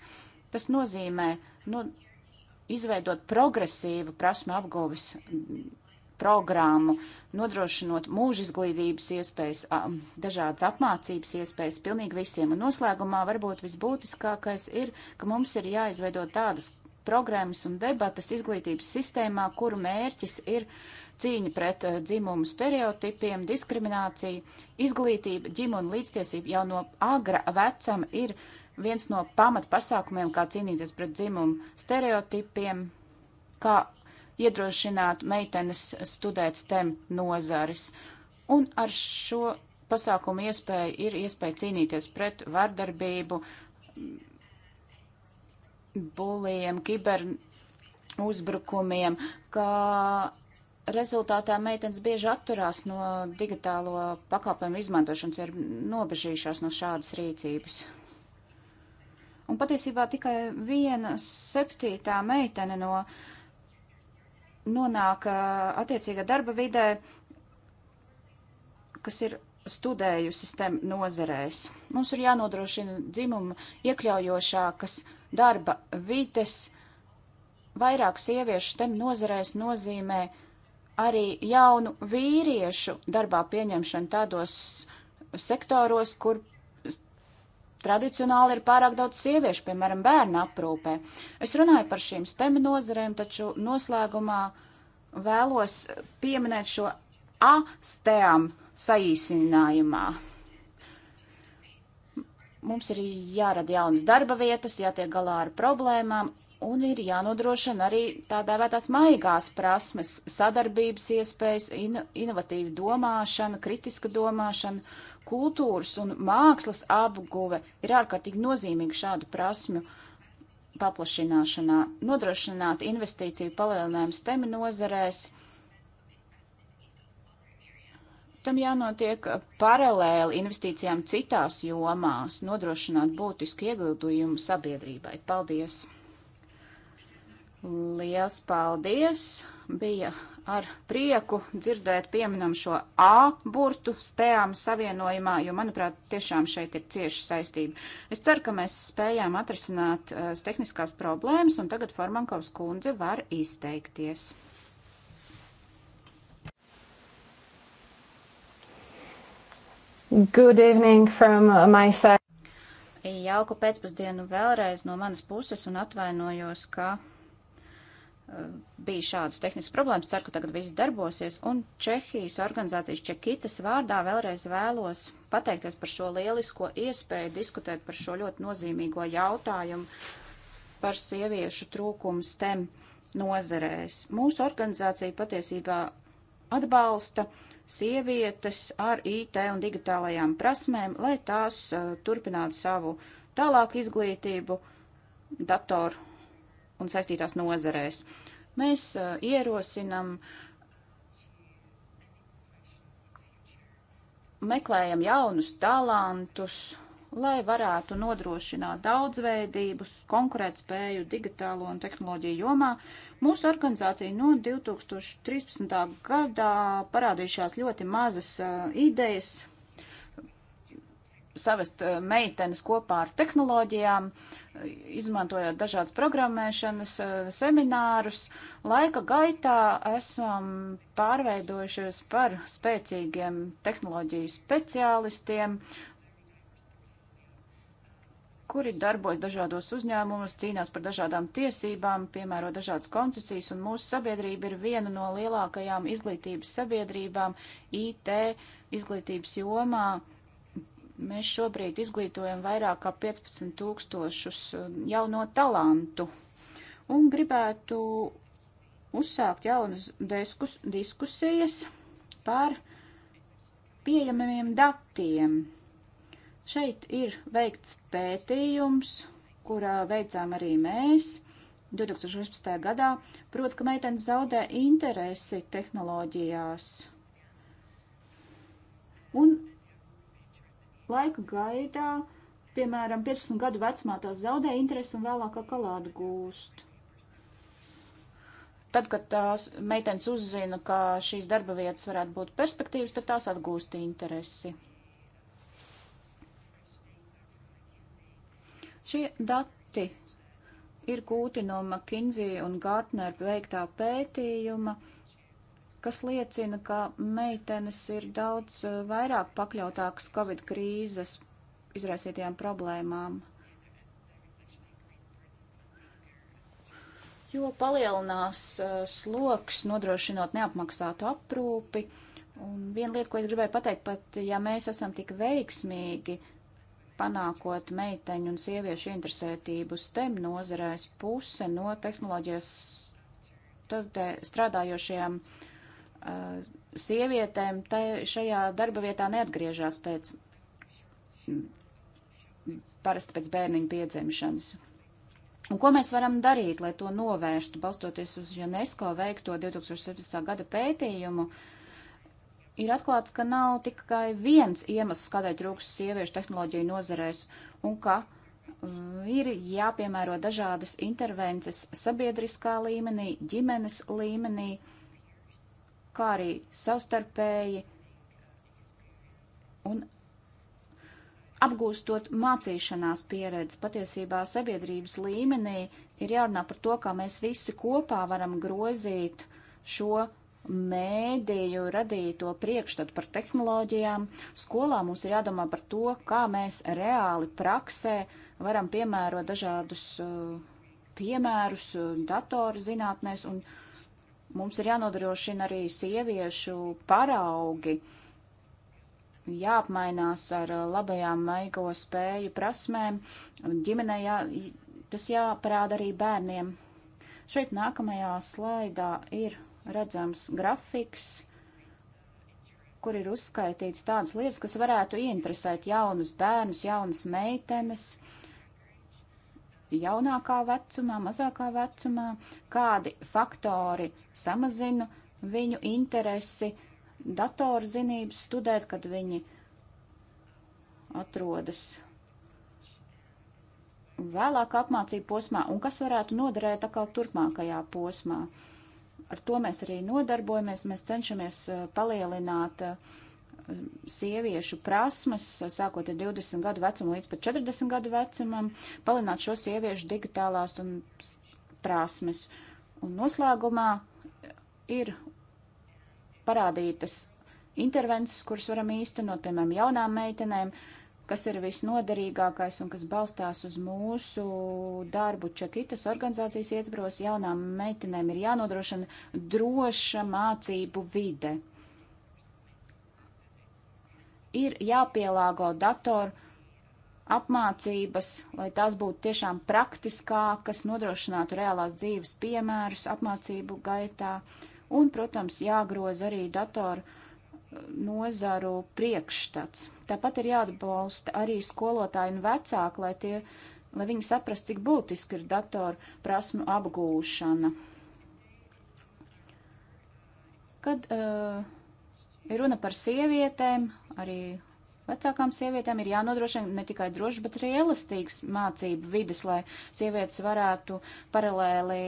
Tas nozīmē nu, izveidot progresīvu prasmu apguvis programmu, nodrošinot mūža izglītības iespējas, dažādas apmācības iespējas pilnīgi visiem. Un noslēgumā varbūt visbūtiskākais ir, ka mums ir jāizveido tādas programmas un debatas izglītības sistēmā, kuru mērķis ir cīņa pret dzimumu stereotipiem, diskrimināciju, izglītība, ģimuma līdztiesība jau no agra vecuma ir viens no pamatpasākumiem, kā cīnīties pret dzimumu stereotipiem, kā iedrošināt meitenes studēt STEM nozaris. Un ar šo pasākumu iespēju ir iespēja cīnīties pret vardarbību, bulījiem, kiber uzbrukumiem, kā rezultātā meitenes bieži atturās no digitālo pakalpojumu izmantošanas, ir nobežījušās no šādas rīcības. Un patiesībā tikai viena septītā meitene no nonāk attiecīgā darba vidē, kas ir studējusi STEM nozerēs. Mums ir jānodrošina dzimuma iekļaujošākas darba vides. Vairāk sieviešu STEM nozerēs nozīmē arī jaunu vīriešu darbā pieņemšanu tādos sektoros, kur Tradicionāli ir pārāk daudz sieviešu, piemēram, bērnu aprūpē. Es runāju par šīm stemi nozarēm, taču noslēgumā vēlos pieminēt šo asteām saīsinājumā. Mums ir jārada jaunas darba vietas, jātiek galā ar problēmām un ir jānodrošina arī tā dēvētās maigās prasmes, sadarbības iespējas, in, inovatīva domāšana, kritiska domāšana kultūras un mākslas apguve ir ārkārtīgi nozīmīga šādu prasmju paplašināšanā, nodrošināt investīciju palielinājums temi nozarēs. Tam jānotiek paralēli investīcijām citās jomās, nodrošināt būtisku ieguldījumu sabiedrībai. Paldies! Liels paldies! Bija ar prieku dzirdēt pieminam šo A burtu stējām savienojumā, jo, manuprāt, tiešām šeit ir cieši saistība. Es ceru, ka mēs spējām atrisināt uh, tehniskās problēmas, un tagad Formankovs kundze var izteikties. Good evening from uh, my side. Jauku pēcpusdienu vēlreiz no manas puses un atvainojos, ka bija šādas tehniskas problēmas. Ceru, ka tagad viss darbosies. Un Čehijas organizācijas Čekitas vārdā vēlreiz vēlos pateikties par šo lielisko iespēju diskutēt par šo ļoti nozīmīgo jautājumu par sieviešu trūkumu STEM nozerēs. Mūsu organizācija patiesībā atbalsta sievietes ar IT un digitālajām prasmēm, lai tās uh, turpinātu savu tālāku izglītību datoru un saistītās nozerēs. Uh, Mēs uh, ierosinam, meklējam jaunus talantus, lai varētu nodrošināt daudzveidības, konkurētspēju digitālo un tehnoloģiju jomā. Mūsu organizācija no 2013. gadā parādījušās ļoti mazas uh, idejas, savest eh, meitenes kopā ar tehnoloģijām, eh, izmantojot dažādas programmēšanas eh, seminārus. Laika gaitā esam pārveidojušies par spēcīgiem tehnoloģiju speciālistiem, kuri darbojas dažādos uzņēmumos, cīnās par dažādām tiesībām, piemēro dažādas koncesijas, un mūsu sabiedrība ir viena no lielākajām izglītības sabiedrībām IT izglītības jomā Mēs šobrīd izglītojam vairāk kā 15 tūkstošus um, jauno talantu un gribētu uzsākt jaunas diskus, diskusijas par pieejamiem datiem. Šeit ir veikts pētījums, kurā veicām arī mēs 2016. gadā, proti, ka meitenes zaudē interesi tehnoloģijās. Un laika gaitā, piemēram, 15 gadu vecumā tās zaudē interesi un vēlāk atkal atgūst. Tad, kad tās meitenes uzzina, ka šīs darba vietas varētu būt perspektīvas, tad tās atgūst interesi. Šie dati ir gūti no McKinsey un Gartner veiktā pētījuma. Uh, kas liecina, ka meitenes ir daudz eh, vairāk pakļautākas Covid krīzes izraisītajām problēmām. Jo palielinās eh, sloks nodrošinot neapmaksātu aprūpi. Un viena lieta, ko es gribēju pateikt, pat ja mēs esam tik veiksmīgi panākot meiteņu un sieviešu interesētību STEM nozarēs, puse no tehnoloģijas eh, strādājošajām uh, Uh, sievietēm tai, šajā darba vietā neatgriežās pēc, mm, parasti pēc bērniņa piedzimšanas. Un ko mēs varam darīt, lai to novērstu, balstoties uz UNESCO veikto 2017. gada pētījumu? Ir atklāts, ka nav tikai viens iemesls, kādēļ trūks sieviešu tehnoloģiju nozarēs, un ka mm, ir jāpiemēro dažādas intervences sabiedriskā līmenī, ģimenes līmenī, uh, kā arī savstarpēji un apgūstot mācīšanās pieredzi. Patiesībā sabiedrības līmenī ir jārunā par to, kā mēs visi kopā varam grozīt šo mēdīju radīto priekšstatu par tehnoloģijām. Skolā mums ir jādomā par to, kā mēs reāli praksē varam piemērot dažādus uh, piemērus uh, datoru zinātnēs un uh, Mums ir jānodrošina arī sieviešu paraugi, jāapmainās ar uh, labajām maigo spēju prasmēm, ģimenei jā, tas jāparāda arī bērniem. Šeit nākamajā slaidā ir redzams grafiks, kur ir uzskaitīts tādas lietas, kas varētu ieinteresēt jaunus bērnus, jaunas meitenes – jaunākā vecumā, mazākā vecumā, kādi faktori samazina viņu interesi datorzinības studēt, kad viņi atrodas vēlāk apmācību posmā un kas varētu noderēt atkal turpmākajā posmā. Ar to mēs arī nodarbojamies, mēs cenšamies eh, palielināt uh, sieviešu prasmes, sākot ar 20 gadu vecumu līdz pat 40 gadu vecumam, palināt šo sieviešu digitālās un prasmes. Un noslēgumā ir parādītas intervences, kuras varam īstenot, piemēram, jaunām meitenēm, kas ir visnoderīgākais un kas balstās uz mūsu darbu Čakitas organizācijas ietvaros. Jaunām meitenēm ir jānodrošina droša mācību vide ir jāpielāgo datoru apmācības, lai tās būtu tiešām praktiskākas, nodrošinātu reālās dzīves piemērus apmācību gaitā. Un, protams, jāgroza arī datoru uh, nozaru priekšstats. Tāpat ir jāatbalsta arī skolotāji un vecāki, lai, tie, lai viņi saprast, cik būtiski ir datoru prasmu apgūšana. Kad uh, ir runa par sievietēm, arī vecākām sievietēm ir jānodrošina ne tikai drošs, bet arī elastīgs mācību vidas, lai sievietes varētu paralēli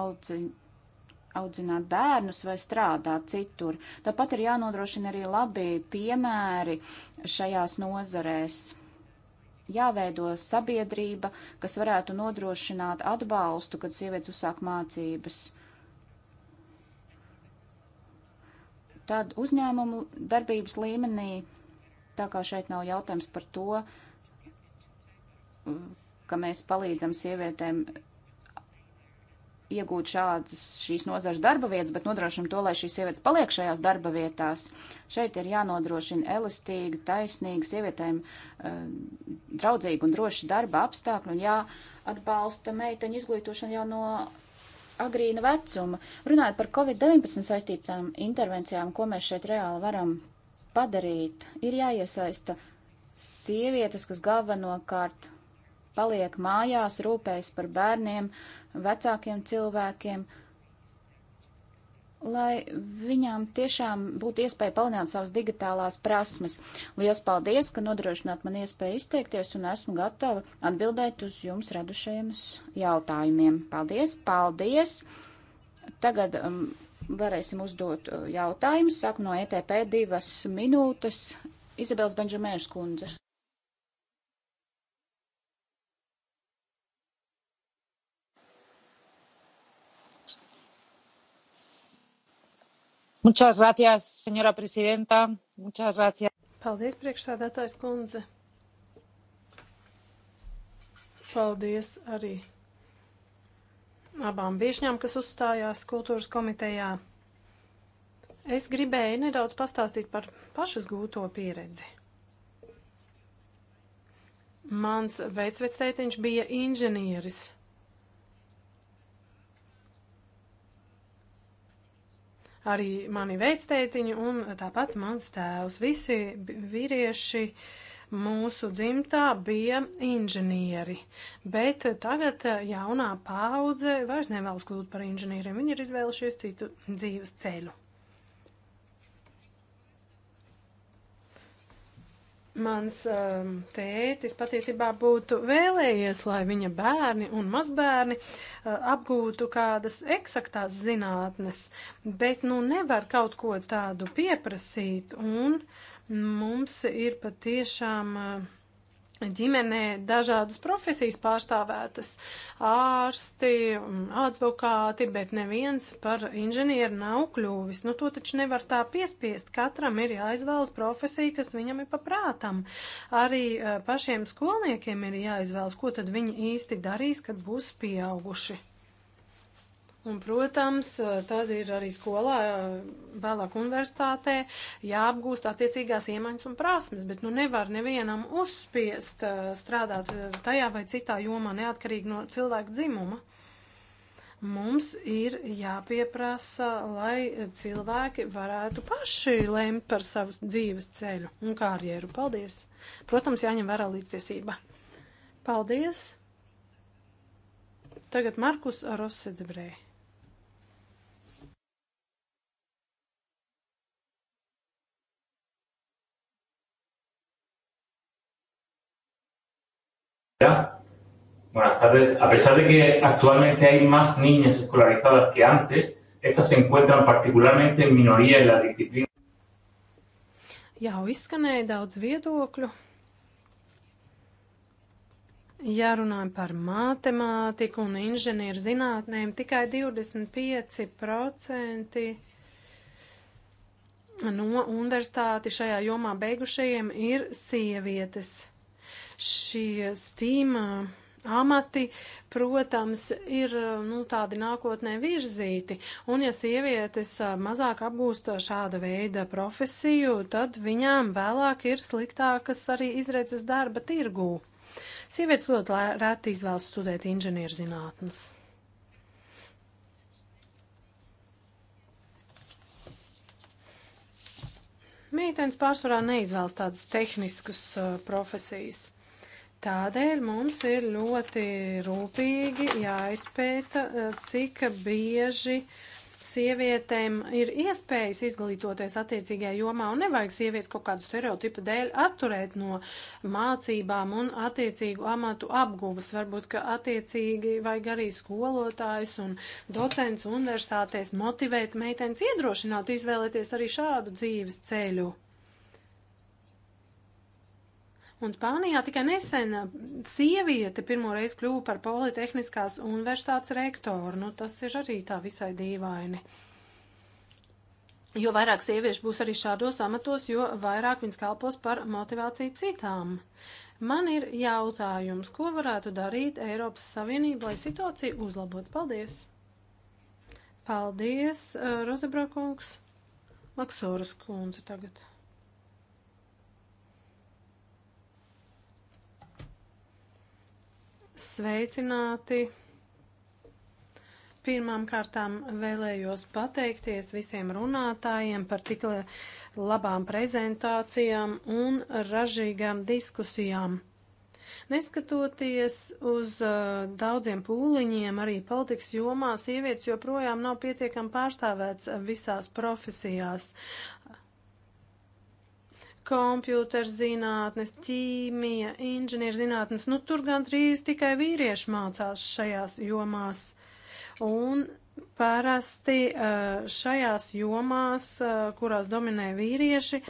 audzi, audzināt bērnus vai strādāt citur. Tāpat ir jānodrošina arī labi piemēri šajās nozarēs jāveido sabiedrība, kas varētu nodrošināt atbalstu, kad sievietes uzsāk mācības. tad uzņēmumu darbības līmenī, tā kā šeit nav jautājums par to, ka mēs palīdzam sievietēm iegūt šādas šīs nozares darba vietas, bet nodrošinam to, lai šīs sievietes paliek šajās darba vietās. Šeit ir jānodrošina elastīga, taisnīga, sievietēm uh, draudzīga un droša darba apstākļa un jāatbalsta meiteņu izglītošana jau no agrīna vecuma. Runājot par COVID-19 saistītām intervencijām, ko mēs šeit reāli varam padarīt, ir jāiesaista sievietes, kas galvenokārt paliek mājās, rūpējas par bērniem, vecākiem cilvēkiem. Uh, lai viņām tiešām būtu iespēja palielināt savas digitālās prasmes. Lielas paldies, ka nodrošināt man iespēju izteikties un esmu gatava atbildēt uz jums radušajiem jautājumiem. Paldies, paldies! Tagad um, varēsim uzdot uh, jautājumus. Sāku no ETP divas minūtes. Izabels Benžamērs kundze. Muchas gracias, señora presidenta. Muchas gracias. Paldies, priekšsādātājs kundze. Paldies arī abām viešņām, kas uzstājās kultūras komitejā. Es gribēju nedaudz pastāstīt par pašas gūto pieredzi. Mans vecvectētiņš bija inženieris. arī mani veidsteitiņu un tāpat mans tēvs. Visi vīrieši mūsu dzimtā bija inženieri, bet tagad eh, jaunā paudze vairs nevēlas kļūt par inženieriem. Viņi ir izvēlušies citu dzīves ceļu. Mans um, tētis patiesībā būtu vēlējies, lai viņa bērni un mazbērni uh, apgūtu kādas eksaktās zinātnes, bet nu nevar kaut ko tādu pieprasīt, un mums ir patiešām uh, ģimenē dažādas profesijas pārstāvētas - ārsti, advokāti, bet neviens par inženieri nav kļuvis. Nu, to taču nevar tā piespiest. Katram ir jāizvēlas profesija, kas viņam ir paprātam. Arī eh, pašiem skolniekiem ir jāizvēlas, ko tad viņi īsti darīs, kad būs pieauguši. Un, protams, tad ir arī skolā, vēlāk universitātē jāapgūst attiecīgās iemaņas un prasmes, bet nu nevar nevienam uzspiest eh, strādāt eh, tajā vai citā jomā neatkarīgi no cilvēka dzimuma. Mums ir jāpieprasa, lai cilvēki varētu paši lemt par savu dzīves ceļu un karjeru. Paldies! Protams, jāņem vērā līdztiesība. Paldies! Tagad Markus Rosedebrei. Buenas tardes. A pesar de que actualmente hay más niñas escolarizadas que antes, estas se encuentran particularmente en minoría en las disciplinas. Jau izskanēja daudz viedokļu. Ja runājam par matemātiku un inženieru zinātnēm, tikai 25% no universitāti šajā jomā beigušajiem ir sievietes šie stīmā amati, protams, ir nu, tādi nākotnē virzīti. Un, ja sievietes mazāk apgūst šāda veida profesiju, tad viņām vēlāk ir sliktākas arī izredzes darba tirgū. Sievietes ļoti reti izvēlas studēt inženierzinātnes. Meitenes pārsvarā neizvēlas tādus tehniskus uh, profesijas. Tādēļ mums ir ļoti rūpīgi jāizpēta, eh, cik bieži sievietēm ir iespējas izglītoties attiecīgajā jomā un nevajag sievietes kaut kādu stereotipu dēļ atturēt no mācībām un attiecīgu amatu apguvas. Varbūt, ka attiecīgi vajag arī skolotājs un docents universitātēs motivēt meitenes iedrošināt izvēlēties arī šādu dzīves ceļu. Un Spānijā tikai nesen sieviete pirmo reizi kļuva par Politehniskās universitātes rektoru. Nu, tas ir arī tā visai dīvaini. Jo vairāk sieviešu būs arī šādos amatos, jo vairāk viņas kalpos par motivāciju citām. Man ir jautājums, ko varētu darīt Eiropas Savienība, lai situāciju uzlabotu? Paldies! Paldies, eh, Rozebrokungs! Maksūras kundze tagad. sveicināti! Pirmām kārtām vēlējos pateikties visiem runātājiem par tik labām prezentācijām un ražīgām diskusijām. Neskatoties uz uh, daudziem pūliņiem, arī politikas jomā sievietes joprojām nav pietiekami pārstāvēts visās profesijās kompjūterzinātnes, ķīmija, inženierzinātnes, nu tur gandrīz tikai vīrieši mācās šajās jomās. Un parasti eh, šajās jomās, eh, kurās dominē vīrieši,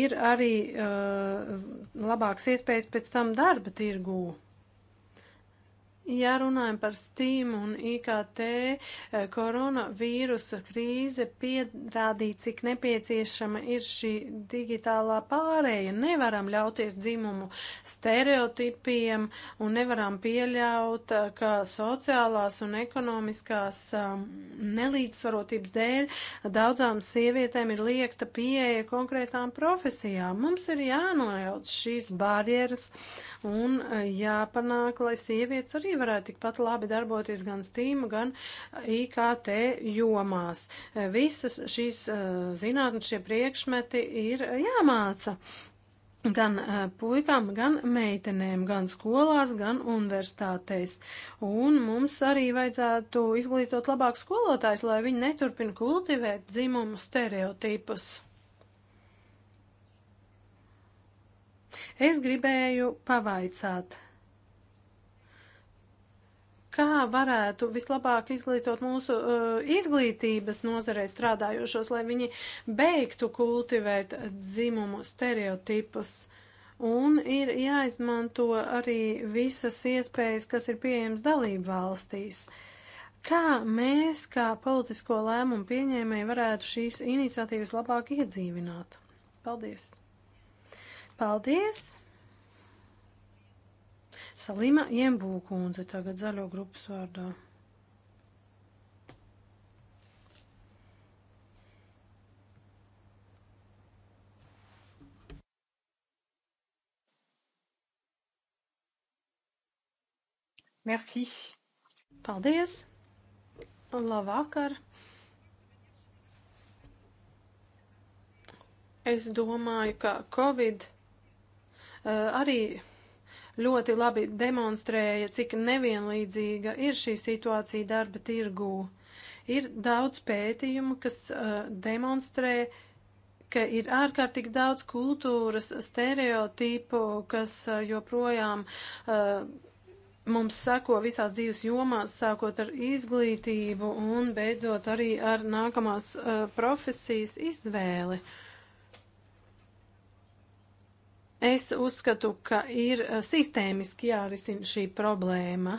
ir arī eh, labāks iespējas pēc tam darba tirgū. Ja runājam par Steam un IKT, eh, koronavīrusa krīze pierādīja, cik nepieciešama ir šī digitālā pārēja. Nevaram ļauties dzimumu stereotipiem un nevaram pieļaut, eh, ka sociālās un ekonomiskās ehm, nelīdzsvarotības dēļ daudzām sievietēm ir liekta pieeja konkrētām profesijām. Mums ir jānojauc šīs barjeras un eh, jāpanāk, lai sievietes arī Viņi varētu tikpat labi darboties gan Steam, gan IKT jomās. Visas šīs eh, zinātnes, šie priekšmeti ir jāmāca gan eh, puikām, gan meitenēm, gan skolās, gan universitātēs. Un mums arī vajadzētu izglītot labāk skolotājs, lai viņi neturpina kultivēt dzimumu stereotipus. Es gribēju pavaicāt, kā varētu vislabāk izglītot mūsu uh, izglītības nozarē strādājošos, lai viņi beigtu kultivēt dzimumu stereotipus. Un ir jāizmanto arī visas iespējas, kas ir pieejamas dalību valstīs. Kā mēs, kā politisko lēmumu pieņēmēji, varētu šīs iniciatīvas labāk iedzīvināt? Paldies! Paldies! Salima Jembūkundze tagad zaļo grupas vārdā. Merci. Paldies. Labvakar. Es domāju, ka Covid uh, arī ļoti labi demonstrēja, cik nevienlīdzīga ir šī situācija darba tirgū. Ir daudz pētījumu, kas uh, demonstrē, ka ir ārkārtīgi daudz kultūras stereotipu, kas uh, joprojām uh, mums sako visās dzīves jomās, sākot ar izglītību un beidzot arī ar nākamās uh, profesijas izvēli. Uh, Es uzskatu, ka ir eh, sistēmiski jārisina šī problēma.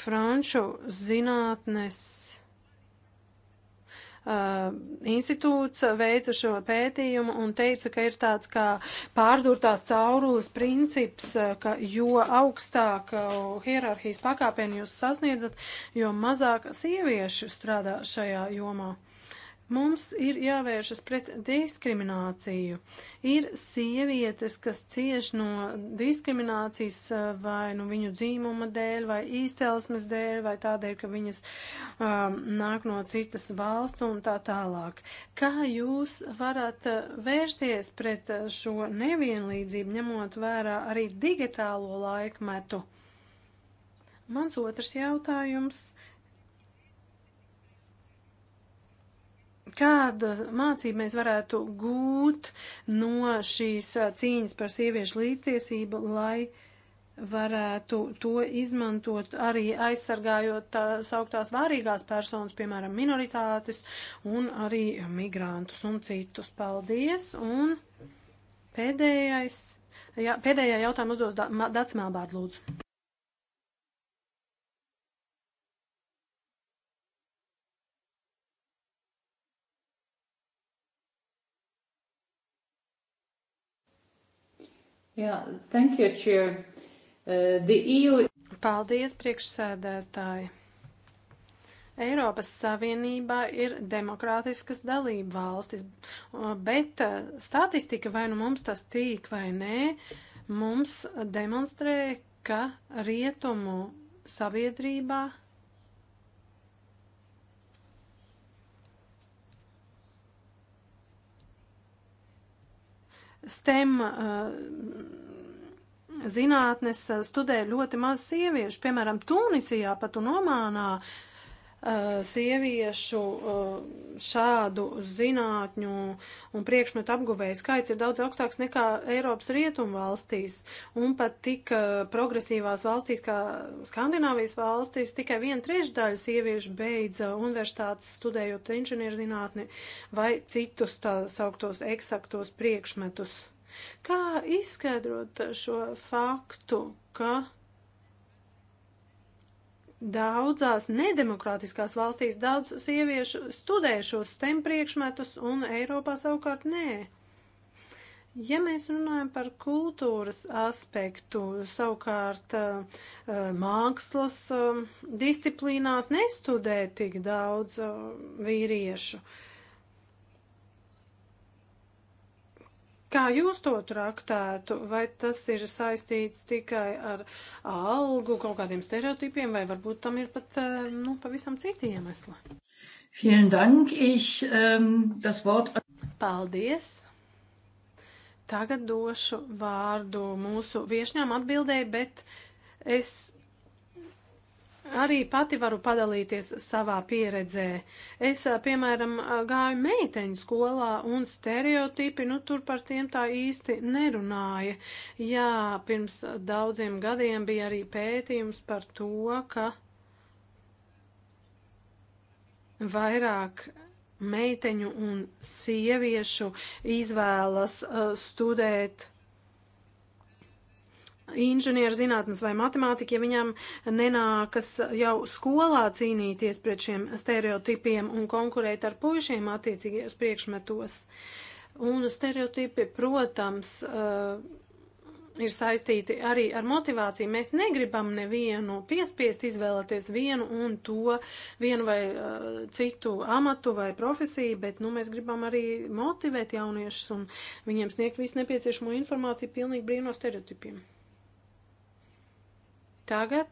Franču zinātnes uh, institūts veica šo pētījumu un teica, ka ir tāds kā pārdurtās caurules princips, eh, ka jo augstāk hierarhijas pakāpienu jūs sasniedzat, jo mazāk sieviešu strādā šajā jomā. Mums ir jāvēršas pret diskrimināciju. Ir sievietes, kas cieš no diskriminācijas eh, vai nu viņu dzīmuma dēļ, vai izcelsmes dēļ, vai tādēļ, ka viņas um, nāk no citas valsts un tā tālāk. Kā jūs varat eh, vērsties pret eh, šo nevienlīdzību, ņemot vērā arī digitālo laikmetu? Mans otrs jautājums Kāda mācība mēs varētu gūt no šīs cīņas par sieviešu līdztiesību, lai varētu to izmantot arī aizsargājot tās augtās vārīgās personas, piemēram, minoritātes un arī migrantus un citus. Paldies! Un pēdējais, jā, pēdējā jautājuma uzdos Dats Melbārd, lūdzu. Yeah, thank you, Chair. Uh, the EU... Paldies, priekšsēdētāji. Eiropas Savienībā ir demokrātiskas dalība valstis, uh, bet uh, statistika, vai nu mums tas tīk vai nē, mums demonstrē, ka rietumu sabiedrībā STEM uh, zinātnes uh, studē ļoti maz sieviešu, piemēram, Tunisijā, pat un Omānā Uh, sieviešu uh, šādu zinātņu un priekšmetu apguvēju skaits ir daudz augstāks nekā Eiropas rietumu valstīs, un pat tik uh, progresīvās valstīs kā Skandināvijas valstīs tikai viena trešdaļa sieviešu beidza universitātes studējot inženierzinātni vai citus tā sauktos eksaktos priekšmetus. Kā izskaidrot šo faktu, ka Daudzās nedemokrātiskās valstīs daudz sieviešu studē šos STEM priekšmetus un Eiropā savukārt nē. Ja mēs runājam par kultūras aspektu, savukārt eh, eh, mākslas eh, disciplīnās nestudē tik daudz vīriešu. Uh, Kā jūs to traktētu? Vai tas ir saistīts tikai ar algu, kaut kādiem stereotipiem, vai varbūt tam ir pat eh, nu, pavisam citi iemesli? Dank, ich, um, das Wort... Paldies! Tagad došu vārdu mūsu viešņām atbildēji, bet es arī pati varu padalīties savā pieredzē. Es, piemēram, gāju meiteņu skolā un stereotipi, nu, tur par tiem tā īsti nerunāja. Jā, pirms daudziem gadiem bija arī pētījums par to, ka vairāk meiteņu un sieviešu izvēlas uh, studēt inženierzinātnes vai matemātika, ja viņam nenākas jau skolā cīnīties pret šiem stereotipiem un konkurēt ar puišiem attiecīgajos priekšmetos. Un stereotipi, protams, eh, ir saistīti arī ar motivāciju. Mēs negribam nevienu piespiest izvēlēties vienu un to, vienu vai eh, citu amatu vai profesiju, bet, nu, mēs gribam arī motivēt jauniešus un viņiem sniegt visu nepieciešamo informāciju pilnīgi brīno stereotipiem. Tagad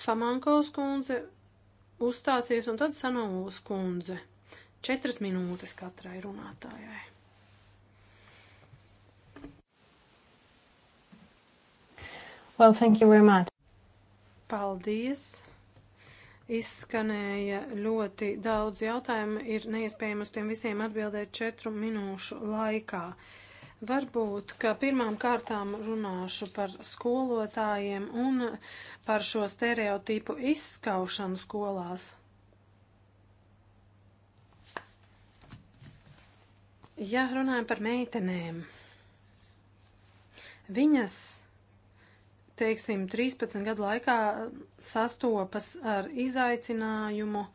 Famankovs kundze uzstāsies un tad Sanovs kundze. Četras minūtes katrai runātājai. Well, thank you very much. Paldies! Izskanēja ļoti daudz jautājumu, ir neiespējams uz tiem visiem atbildēt četru minūšu laikā. Uh, Varbūt, ka pirmām kārtām runāšu par skolotājiem un par šo stereotipu izskaušanu skolās. Ja runājam par meitenēm, viņas teiksim, 13 gadu laikā sastopas ar izaicinājumu,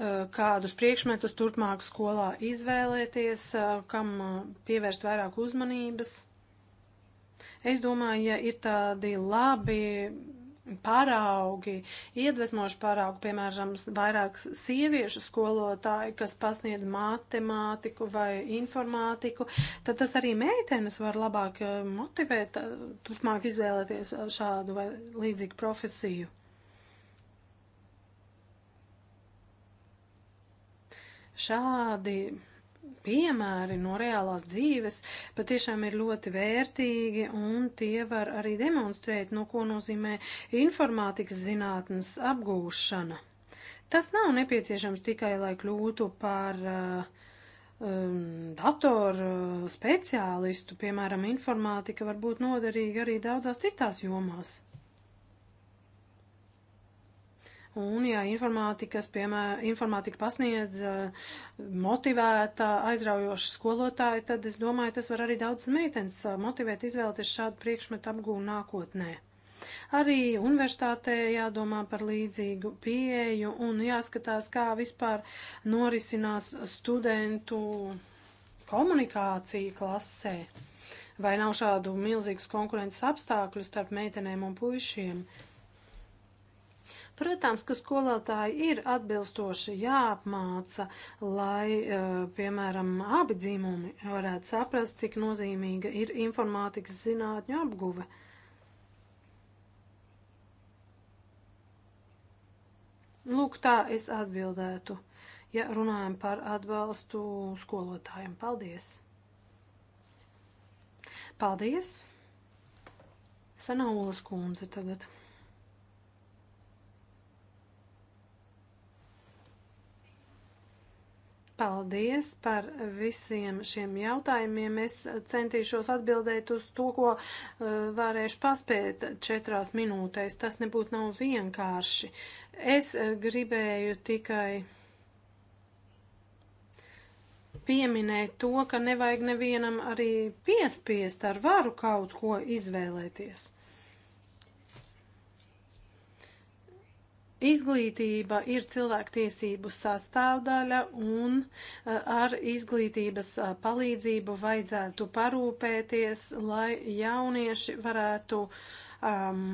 Eh, kādus priekšmetus turpmāk skolā izvēlēties, eh, kam eh, pievērst vairāk uzmanības. Es domāju, ja ir tādi labi paraugi, iedvesmoši paraugi, piemēram, vairāk sieviešu skolotāji, kas pasniedz matemātiku vai informātiku, tad tas arī meitenes var labāk motivēt turpmāk izvēlēties šādu vai līdzīgu profesiju. Šādi piemēri no reālās dzīves patiešām ir ļoti vērtīgi un tie var arī demonstrēt, no ko nozīmē informātikas zinātnes apgūšana. Tas nav nepieciešams tikai, lai kļūtu par uh, um, datoru uh, speciālistu, piemēram, informātika var būt noderīga arī daudzās citās jomās. Un, ja informātikas, piemēram, informātika pasniedz eh, motivēta, aizraujoša skolotāja, tad es domāju, tas var arī daudz meitenes eh, motivēt izvēlēties šādu priekšmetu apgūnu nākotnē. Arī universitātē jādomā par līdzīgu pieeju un jāskatās, kā vispār norisinās studentu komunikācija klasē. Vai nav šādu milzīgas konkurences apstākļu starp meitenēm un puišiem? Uh, Protams, ka skolotāji ir atbilstoši jāapmāca, lai, eh, piemēram, abi dzīmumi varētu saprast, cik nozīmīga ir informātikas zinātņu apguve. Lūk, tā es atbildētu, ja runājam par atbalstu skolotājiem. Paldies! Paldies! Sanaulas kundze tagad. Paldies par visiem šiem jautājumiem. Es centīšos atbildēt uz to, ko uh, varēšu paspēt četrās minūtēs. Tas nebūtu nav vienkārši. Es uh, gribēju tikai pieminēt to, ka nevajag nevienam arī piespiest ar varu kaut ko izvēlēties. Izglītība ir cilvēktiesību sastāvdaļa un eh, ar izglītības eh, palīdzību vajadzētu parūpēties, lai jaunieši varētu um,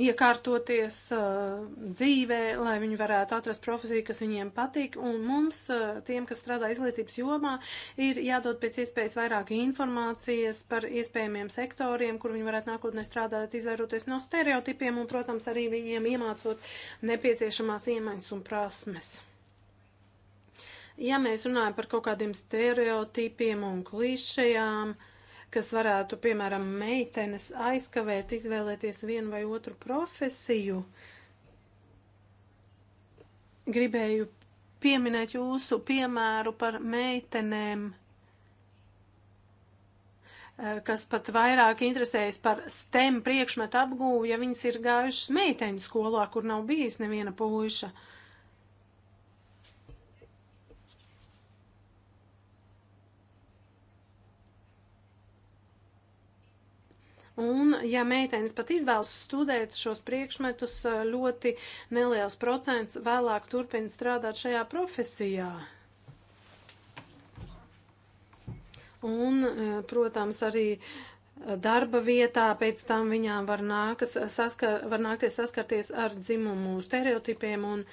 iekārtoties uh, dzīvē, lai viņi varētu atrast profesiju, kas viņiem patīk. Un mums, uh, tiem, kas strādā izglītības jomā, ir jādod pēc iespējas vairāk informācijas par iespējamiem sektoriem, kur viņi varētu nākotnē strādāt, izvairoties no stereotipiem un, protams, arī viņiem iemācot nepieciešamās iemaņas un prasmes. Ja mēs runājam par kaut kādiem stereotipiem un klišejām, uh, kas varētu, piemēram, meitenes aizkavēt, izvēlēties vienu vai otru profesiju. Gribēju pieminēt jūsu piemēru par meitenēm, eh, kas pat vairāk interesējas par STEM priekšmetu apgūvu, ja viņas ir gājušas meiteņu skolā, kur nav bijis neviena puiša. Uh, Un, ja meitenes pat izvēlas studēt šos priekšmetus, eh, ļoti neliels procents vēlāk turpina strādāt šajā profesijā. Un, eh, protams, arī eh, darba vietā pēc tam viņām var, nākas, saskar, var nākties saskarties ar dzimumu stereotipiem, un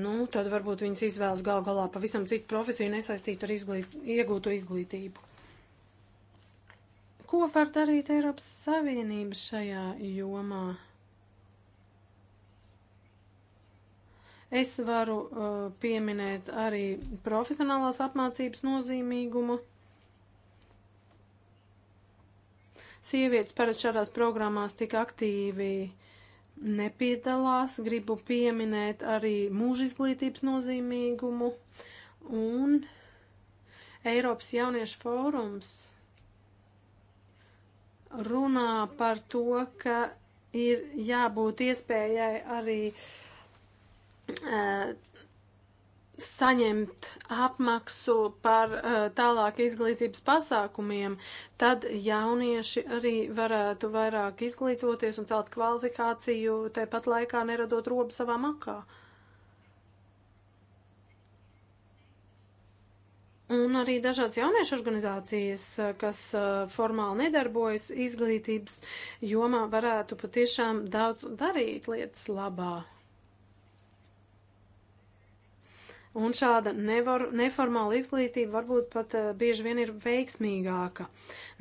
nu, tad varbūt viņas izvēlas gal galā pavisam citu profesiju nesaistītu ar izglīt, iegūto izglītību. Ko var darīt Eiropas Savienība šajā jomā? Es varu uh, pieminēt arī profesionālās apmācības nozīmīgumu. Sievietes parasti šādās programmās tik aktīvi nepiedalās. Gribu pieminēt arī mūža izglītības nozīmīgumu un Eiropas jauniešu fórums runā par to, ka ir jābūt iespējai arī uh, saņemt apmaksu par uh, tālāk izglītības pasākumiem, tad jaunieši arī varētu vairāk izglītoties un celt kvalifikāciju, tāpat laikā neradot robu savā makā. Uh, Un arī dažādas jauniešu organizācijas, eh, kas eh, formāli nedarbojas izglītības jomā, varētu patiešām daudz darīt lietas labā. Un šāda nevar, neformāla izglītība varbūt pat eh, bieži vien ir veiksmīgāka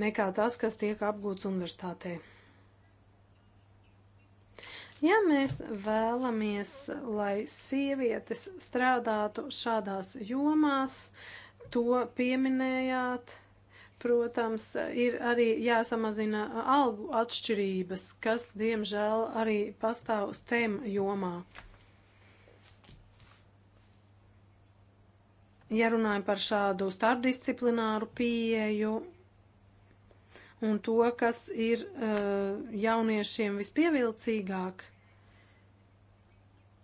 nekā tas, kas tiek apgūts universitātē. Ja mēs vēlamies, lai sievietes strādātu šādās jomās, uh, to pieminējāt. Protams, ir arī jāsamazina algu atšķirības, kas, diemžēl, arī pastāv uz tēm jomā. Ja runājam par šādu starpdisciplināru pieeju un to, kas ir uh, jauniešiem vispievilcīgāk,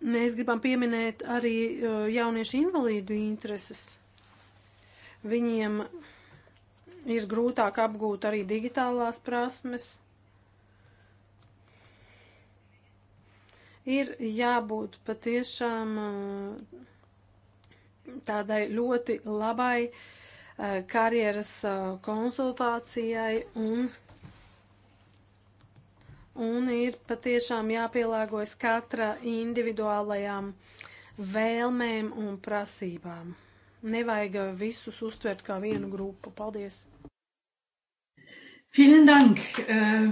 mēs gribam pieminēt arī uh, jauniešu invalīdu intereses. Viņiem ir grūtāk apgūt arī digitālās prasmes. Ir jābūt patiešām uh, tādai ļoti labai uh, karjeras uh, konsultācijai un un ir patiešām jāpielāgojas katra individuālajām vēlmēm un prasībām. Nevajag uh, visus uztvert kā vienu grupu. Paldies! Vielen Dank! Äh,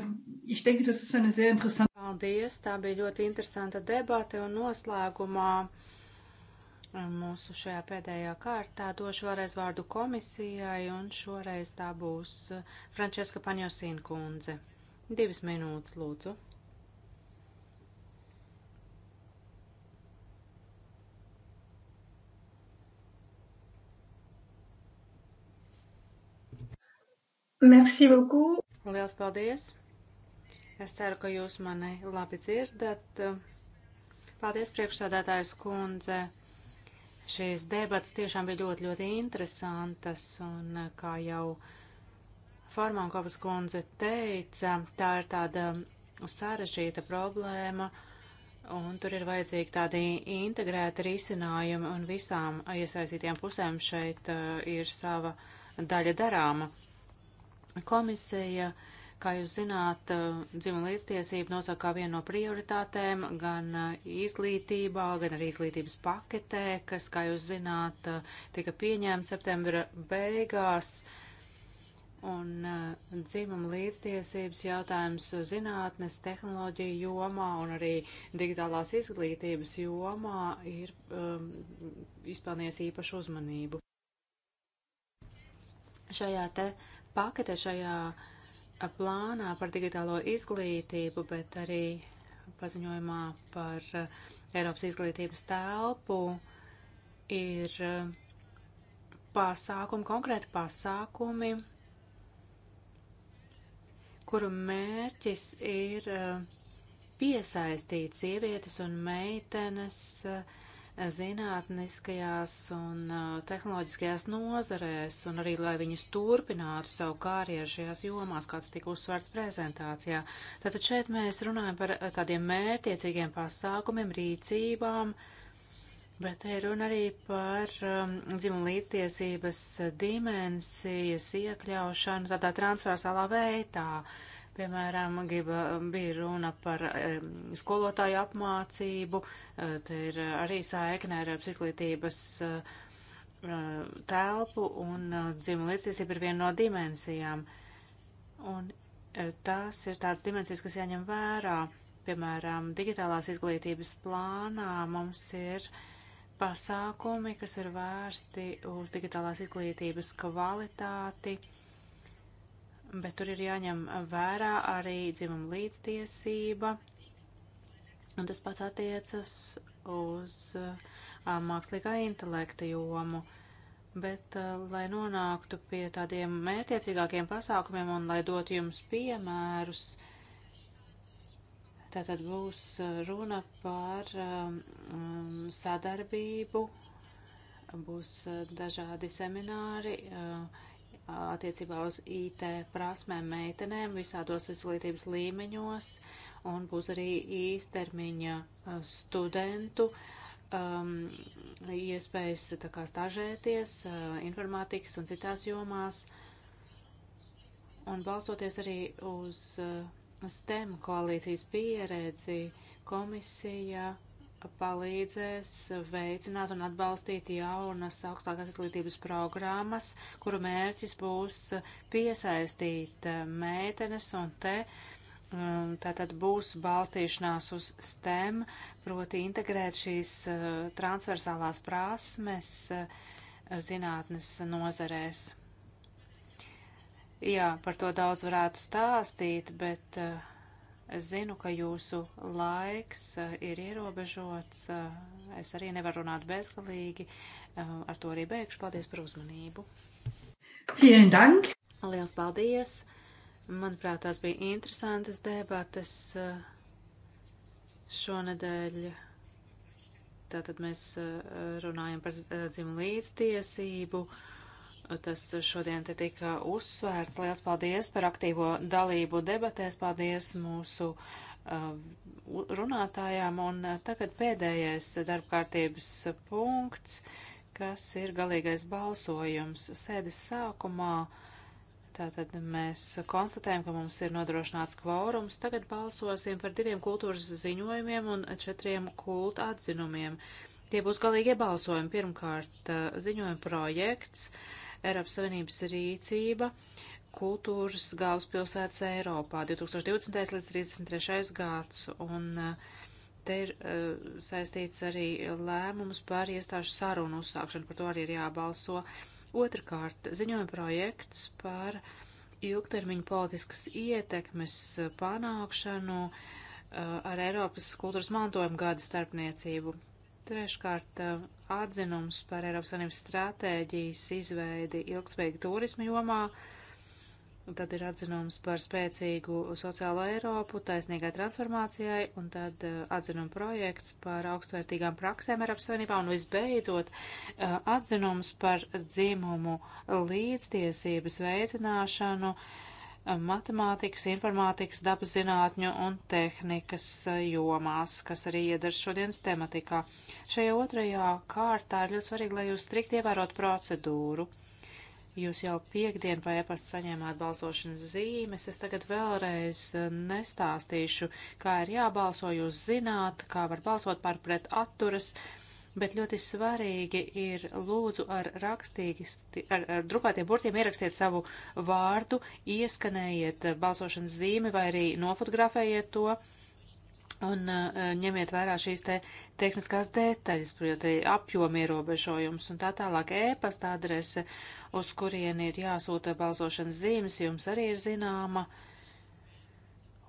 ich denke, das ist eine sehr interessante. Paldies! Tā bija ļoti interesanta debate un noslēgumā um, mūsu šajā pēdējā kārtā došu vēlreiz vārdu komisijai un šoreiz tā būs uh, Frančeska Paņosīna kundze. Divas minūtes, lūdzu. Merci beaucoup. Liels paldies. Es ceru, ka jūs mani labi dzirdat. Paldies, priekšsādātājs kundze. Šīs debats tiešām bija ļoti, ļoti interesantas, un uh, kā jau Formankovas kundze teica, tā ir tāda sarežģīta problēma, un tur ir vajadzīgi tādi integrēti risinājumi, un visām iesaistītiem pusēm šeit uh, ir sava daļa darāma. Komisija, kā jūs zināt, dzimuma līdztiesība nosaka kā vienu no prioritātēm gan uh, izglītībā, gan arī izglītības paketē, kas, kā jūs zināt, uh, tika pieņēmta septembra beigās. Un uh, dzimuma līdztiesības jautājums zinātnes, tehnoloģija jomā un arī digitālās izglītības jomā ir um, izpelnījis īpašu uzmanību. Šajā te pakete šajā plānā par digitālo izglītību, bet arī paziņojumā par Eiropas izglītības telpu ir pasākumi, konkrēti pasākumi, kuru mērķis ir piesaistīt sievietes un meitenes uh, zinātniskajās un tehnoloģiskajās nozarēs, un arī, lai viņas turpinātu savu karjeru šajās jomās, kāds tika uzsvērts prezentācijā. Tātad šeit mēs runājam par tādiem mērķiecīgiem pasākumiem, rīcībām, bet te runa arī par um, dzimumu līdztiesības dimensijas iekļaušanu tādā transversālā veidā. Uh, Piemēram, griba, um, bija runa par um, skolotāju apmācību, uh, te ir uh, arī saikne ar izglītības uh, telpu un dzimuma līdztiesība ir viena no dimensijām. Un tās ir tādas dimensijas, kas jāņem vērā. Piemēram, digitālās izglītības plānā mums ir pasākumi, kas ir vērsti uz digitālās izglītības kvalitāti bet tur ir jāņem vērā arī dzimuma līdztiesība, un tas pats attiecas uz mākslīgā intelekta jomu. Bet, lai nonāktu pie tādiem mērķiecīgākiem pasākumiem un lai dotu jums piemērus, tātad būs runa par um, sadarbību, būs dažādi semināri. Uh, attiecībā uz IT prasmēm meitenēm visādos izglītības līmeņos un būs arī īstermiņa studentu um, iespējas tā kā stažēties uh, informātikas un citās jomās un balstoties arī uz uh, STEM koalīcijas pieredzi komisija palīdzēs veicināt un atbalstīt jaunas augstākās izglītības programmas, kuru mērķis būs piesaistīt meitenes un te. Um, tātad būs balstīšanās uz STEM, proti integrēt šīs uh, transversālās prasmes uh, zinātnes nozarēs. Jā, par to daudz varētu stāstīt, bet uh, Es zinu, ka jūsu laiks eh, ir ierobežots. Eh, es arī nevaru runāt bezgalīgi. Eh, ar to arī beigšu. Paldies par uzmanību. Vielen dank! Liels paldies! Manuprāt, tās bija interesantas debates šonadēļ. Tātad mēs runājam par dzimumu līdztiesību. Tas šodien te tika uzsvērts. Liels paldies par aktīvo dalību debatēs. Paldies mūsu uh, runātājām. Un uh, tagad pēdējais darbkārtības punkts, kas ir galīgais balsojums sēdes sākumā. Tātad mēs konstatējam, ka mums ir nodrošināts kvorums. Tagad balsosim par diviem kultūras ziņojumiem un četriem kulta atzinumiem. Tie būs galīgie balsojumi. Pirmkārt, uh, ziņojuma projekts. Uh, Eiropas Savienības rīcība kultūras galvaspilsētas Eiropā 2020. līdz 33. gads. Un eh, te ir uh, saistīts arī lēmums par iestāžu sarunu uzsākšanu, par to arī ir jābalso. Otrakārt, ziņojuma projekts par ilgtermiņu politiskas ietekmes panākšanu uh, ar Eiropas kultūras mantojuma gada starpniecību. Treškārt, eh, atzinums par Eiropas Savienības stratēģijas izveidi ilgspējīgu turismu jomā. Tad ir atzinums par spēcīgu sociālo Eiropu, taisnīgai transformācijai, un tad eh, atzinuma projekts par augstvērtīgām praksēm Eiropas Savienībā, un visbeidzot eh, atzinums par dzimumu līdztiesības veicināšanu uh, matemātikas, informātikas, dabas zinātņu un tehnikas eh, jomās, kas arī iedars šodienas tematikā. Šajā otrajā kārtā ir ļoti svarīgi, lai jūs strikt ievērot procedūru. Jūs jau piekdien vai epastu saņēmāt balsošanas zīmes, es tagad vēlreiz eh, nestāstīšu, kā ir jābalso, jūs zināt, kā var balsot par pret atturas. Uh, bet ļoti svarīgi ir lūdzu ar rakstīgi, ar, ar drukātiem burtiem ierakstiet savu vārdu, ieskanējiet balsošanas zīmi vai arī nofotografējiet to un uh, ņemiet vērā šīs te tehniskās detaļas, proti apjomi ierobežojums un tā tālāk ēpasta adrese, uz kurieni ir jāsūta balsošanas zīmes, jums arī ir zināma. Uh,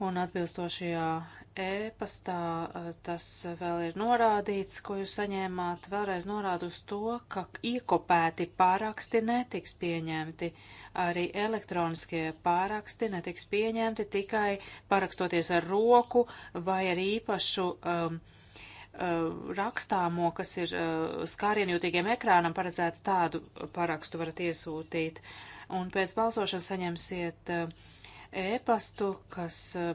Un atbilstošajā ēpastā eh, tas vēl ir norādīts, ko jūs saņēmāt, vēlreiz norāda uz to, ka iekopēti pāraksti netiks pieņemti. Arī elektroniskie pāraksti netiks pieņemti tikai parakstoties ar roku vai ar īpašu um, uh, rakstāmo, kas ir uh, skārienjūtīgiem ekrānam paredzēts tādu parakstu varat iesūtīt. Un pēc balsošanas saņemsiet uh, ēpastu, kas eh,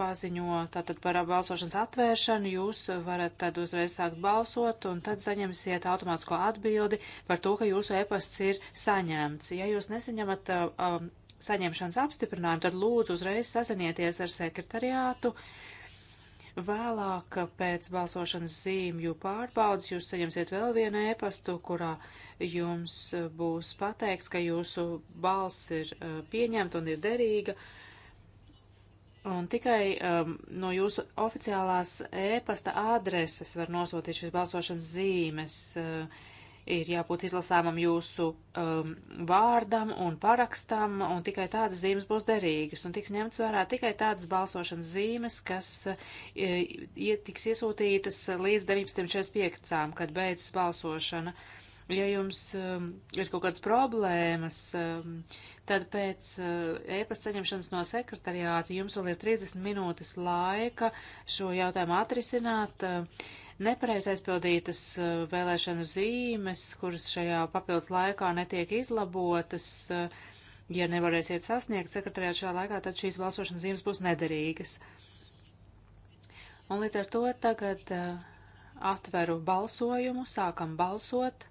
paziņo tātad par balsošanas atvēršanu, jūs varat tad uzreiz sākt balsot un tad saņemsiet automātisko atbildi par to, ka jūsu ēpasts ir saņemts. Ja jūs nesaņemat eh, um, saņemšanas apstiprinājumu, tad lūdzu uzreiz sazinieties ar sekretariātu. Uh, Vēlāk pēc balsošanas zīmju pārbaudas jūs saņemsiet vēl vienu ēpastu, kurā jums eh, būs pateikts, ka jūsu balss ir eh, pieņemta un ir derīga. Un tikai um, no jūsu oficiālās ēpasta adreses var nosūtīt šīs balsošanas zīmes. Uh, ir jābūt izlasāmam jūsu um, vārdam un parakstam, un tikai tādas zīmes būs derīgas, un tiks ņemts vērā tikai tādas balsošanas zīmes, kas uh, tiks iesūtītas līdz 19.45, kad beidzas balsošana. Ja jums um, ir kaut kādas problēmas, um, tad pēc uh, e-pasta saņemšanas no sekretariāta jums vēl ir 30 minūtes laika šo jautājumu atrisināt. Uh, nepareiz aizpildītas eh, vēlēšanu zīmes, kuras šajā papildus laikā netiek izlabotas. Eh, ja nevarēsiet sasniegt sekretariātu šajā laikā, tad šīs balsošanas zīmes būs nederīgas. Un līdz ar to tagad eh, atveru balsojumu, sākam balsot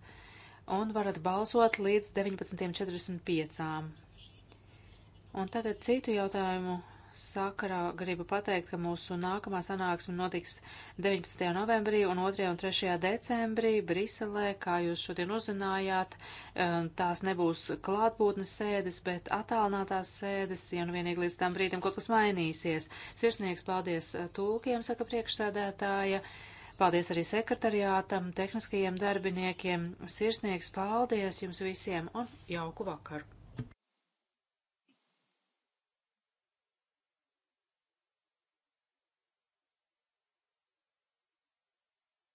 un varat balsot līdz 19.45. Un tagad citu jautājumu sakarā gribu pateikt, ka mūsu nākamā sanāksme notiks 19. novembrī un 2. un 3. decembrī Briselē, kā jūs šodien uzzinājāt. Ehm, tās nebūs klātbūtnes sēdes, bet attālinātās sēdes, ja nu vienīgi līdz tam brīdim kaut kas mainīsies. Sirsnieks paldies eh, tūkiem, saka priekšsēdētāja. Paldies arī sekretariātam, tehniskajiem darbiniekiem. Sirsnieks paldies jums visiem un jauku vakaru!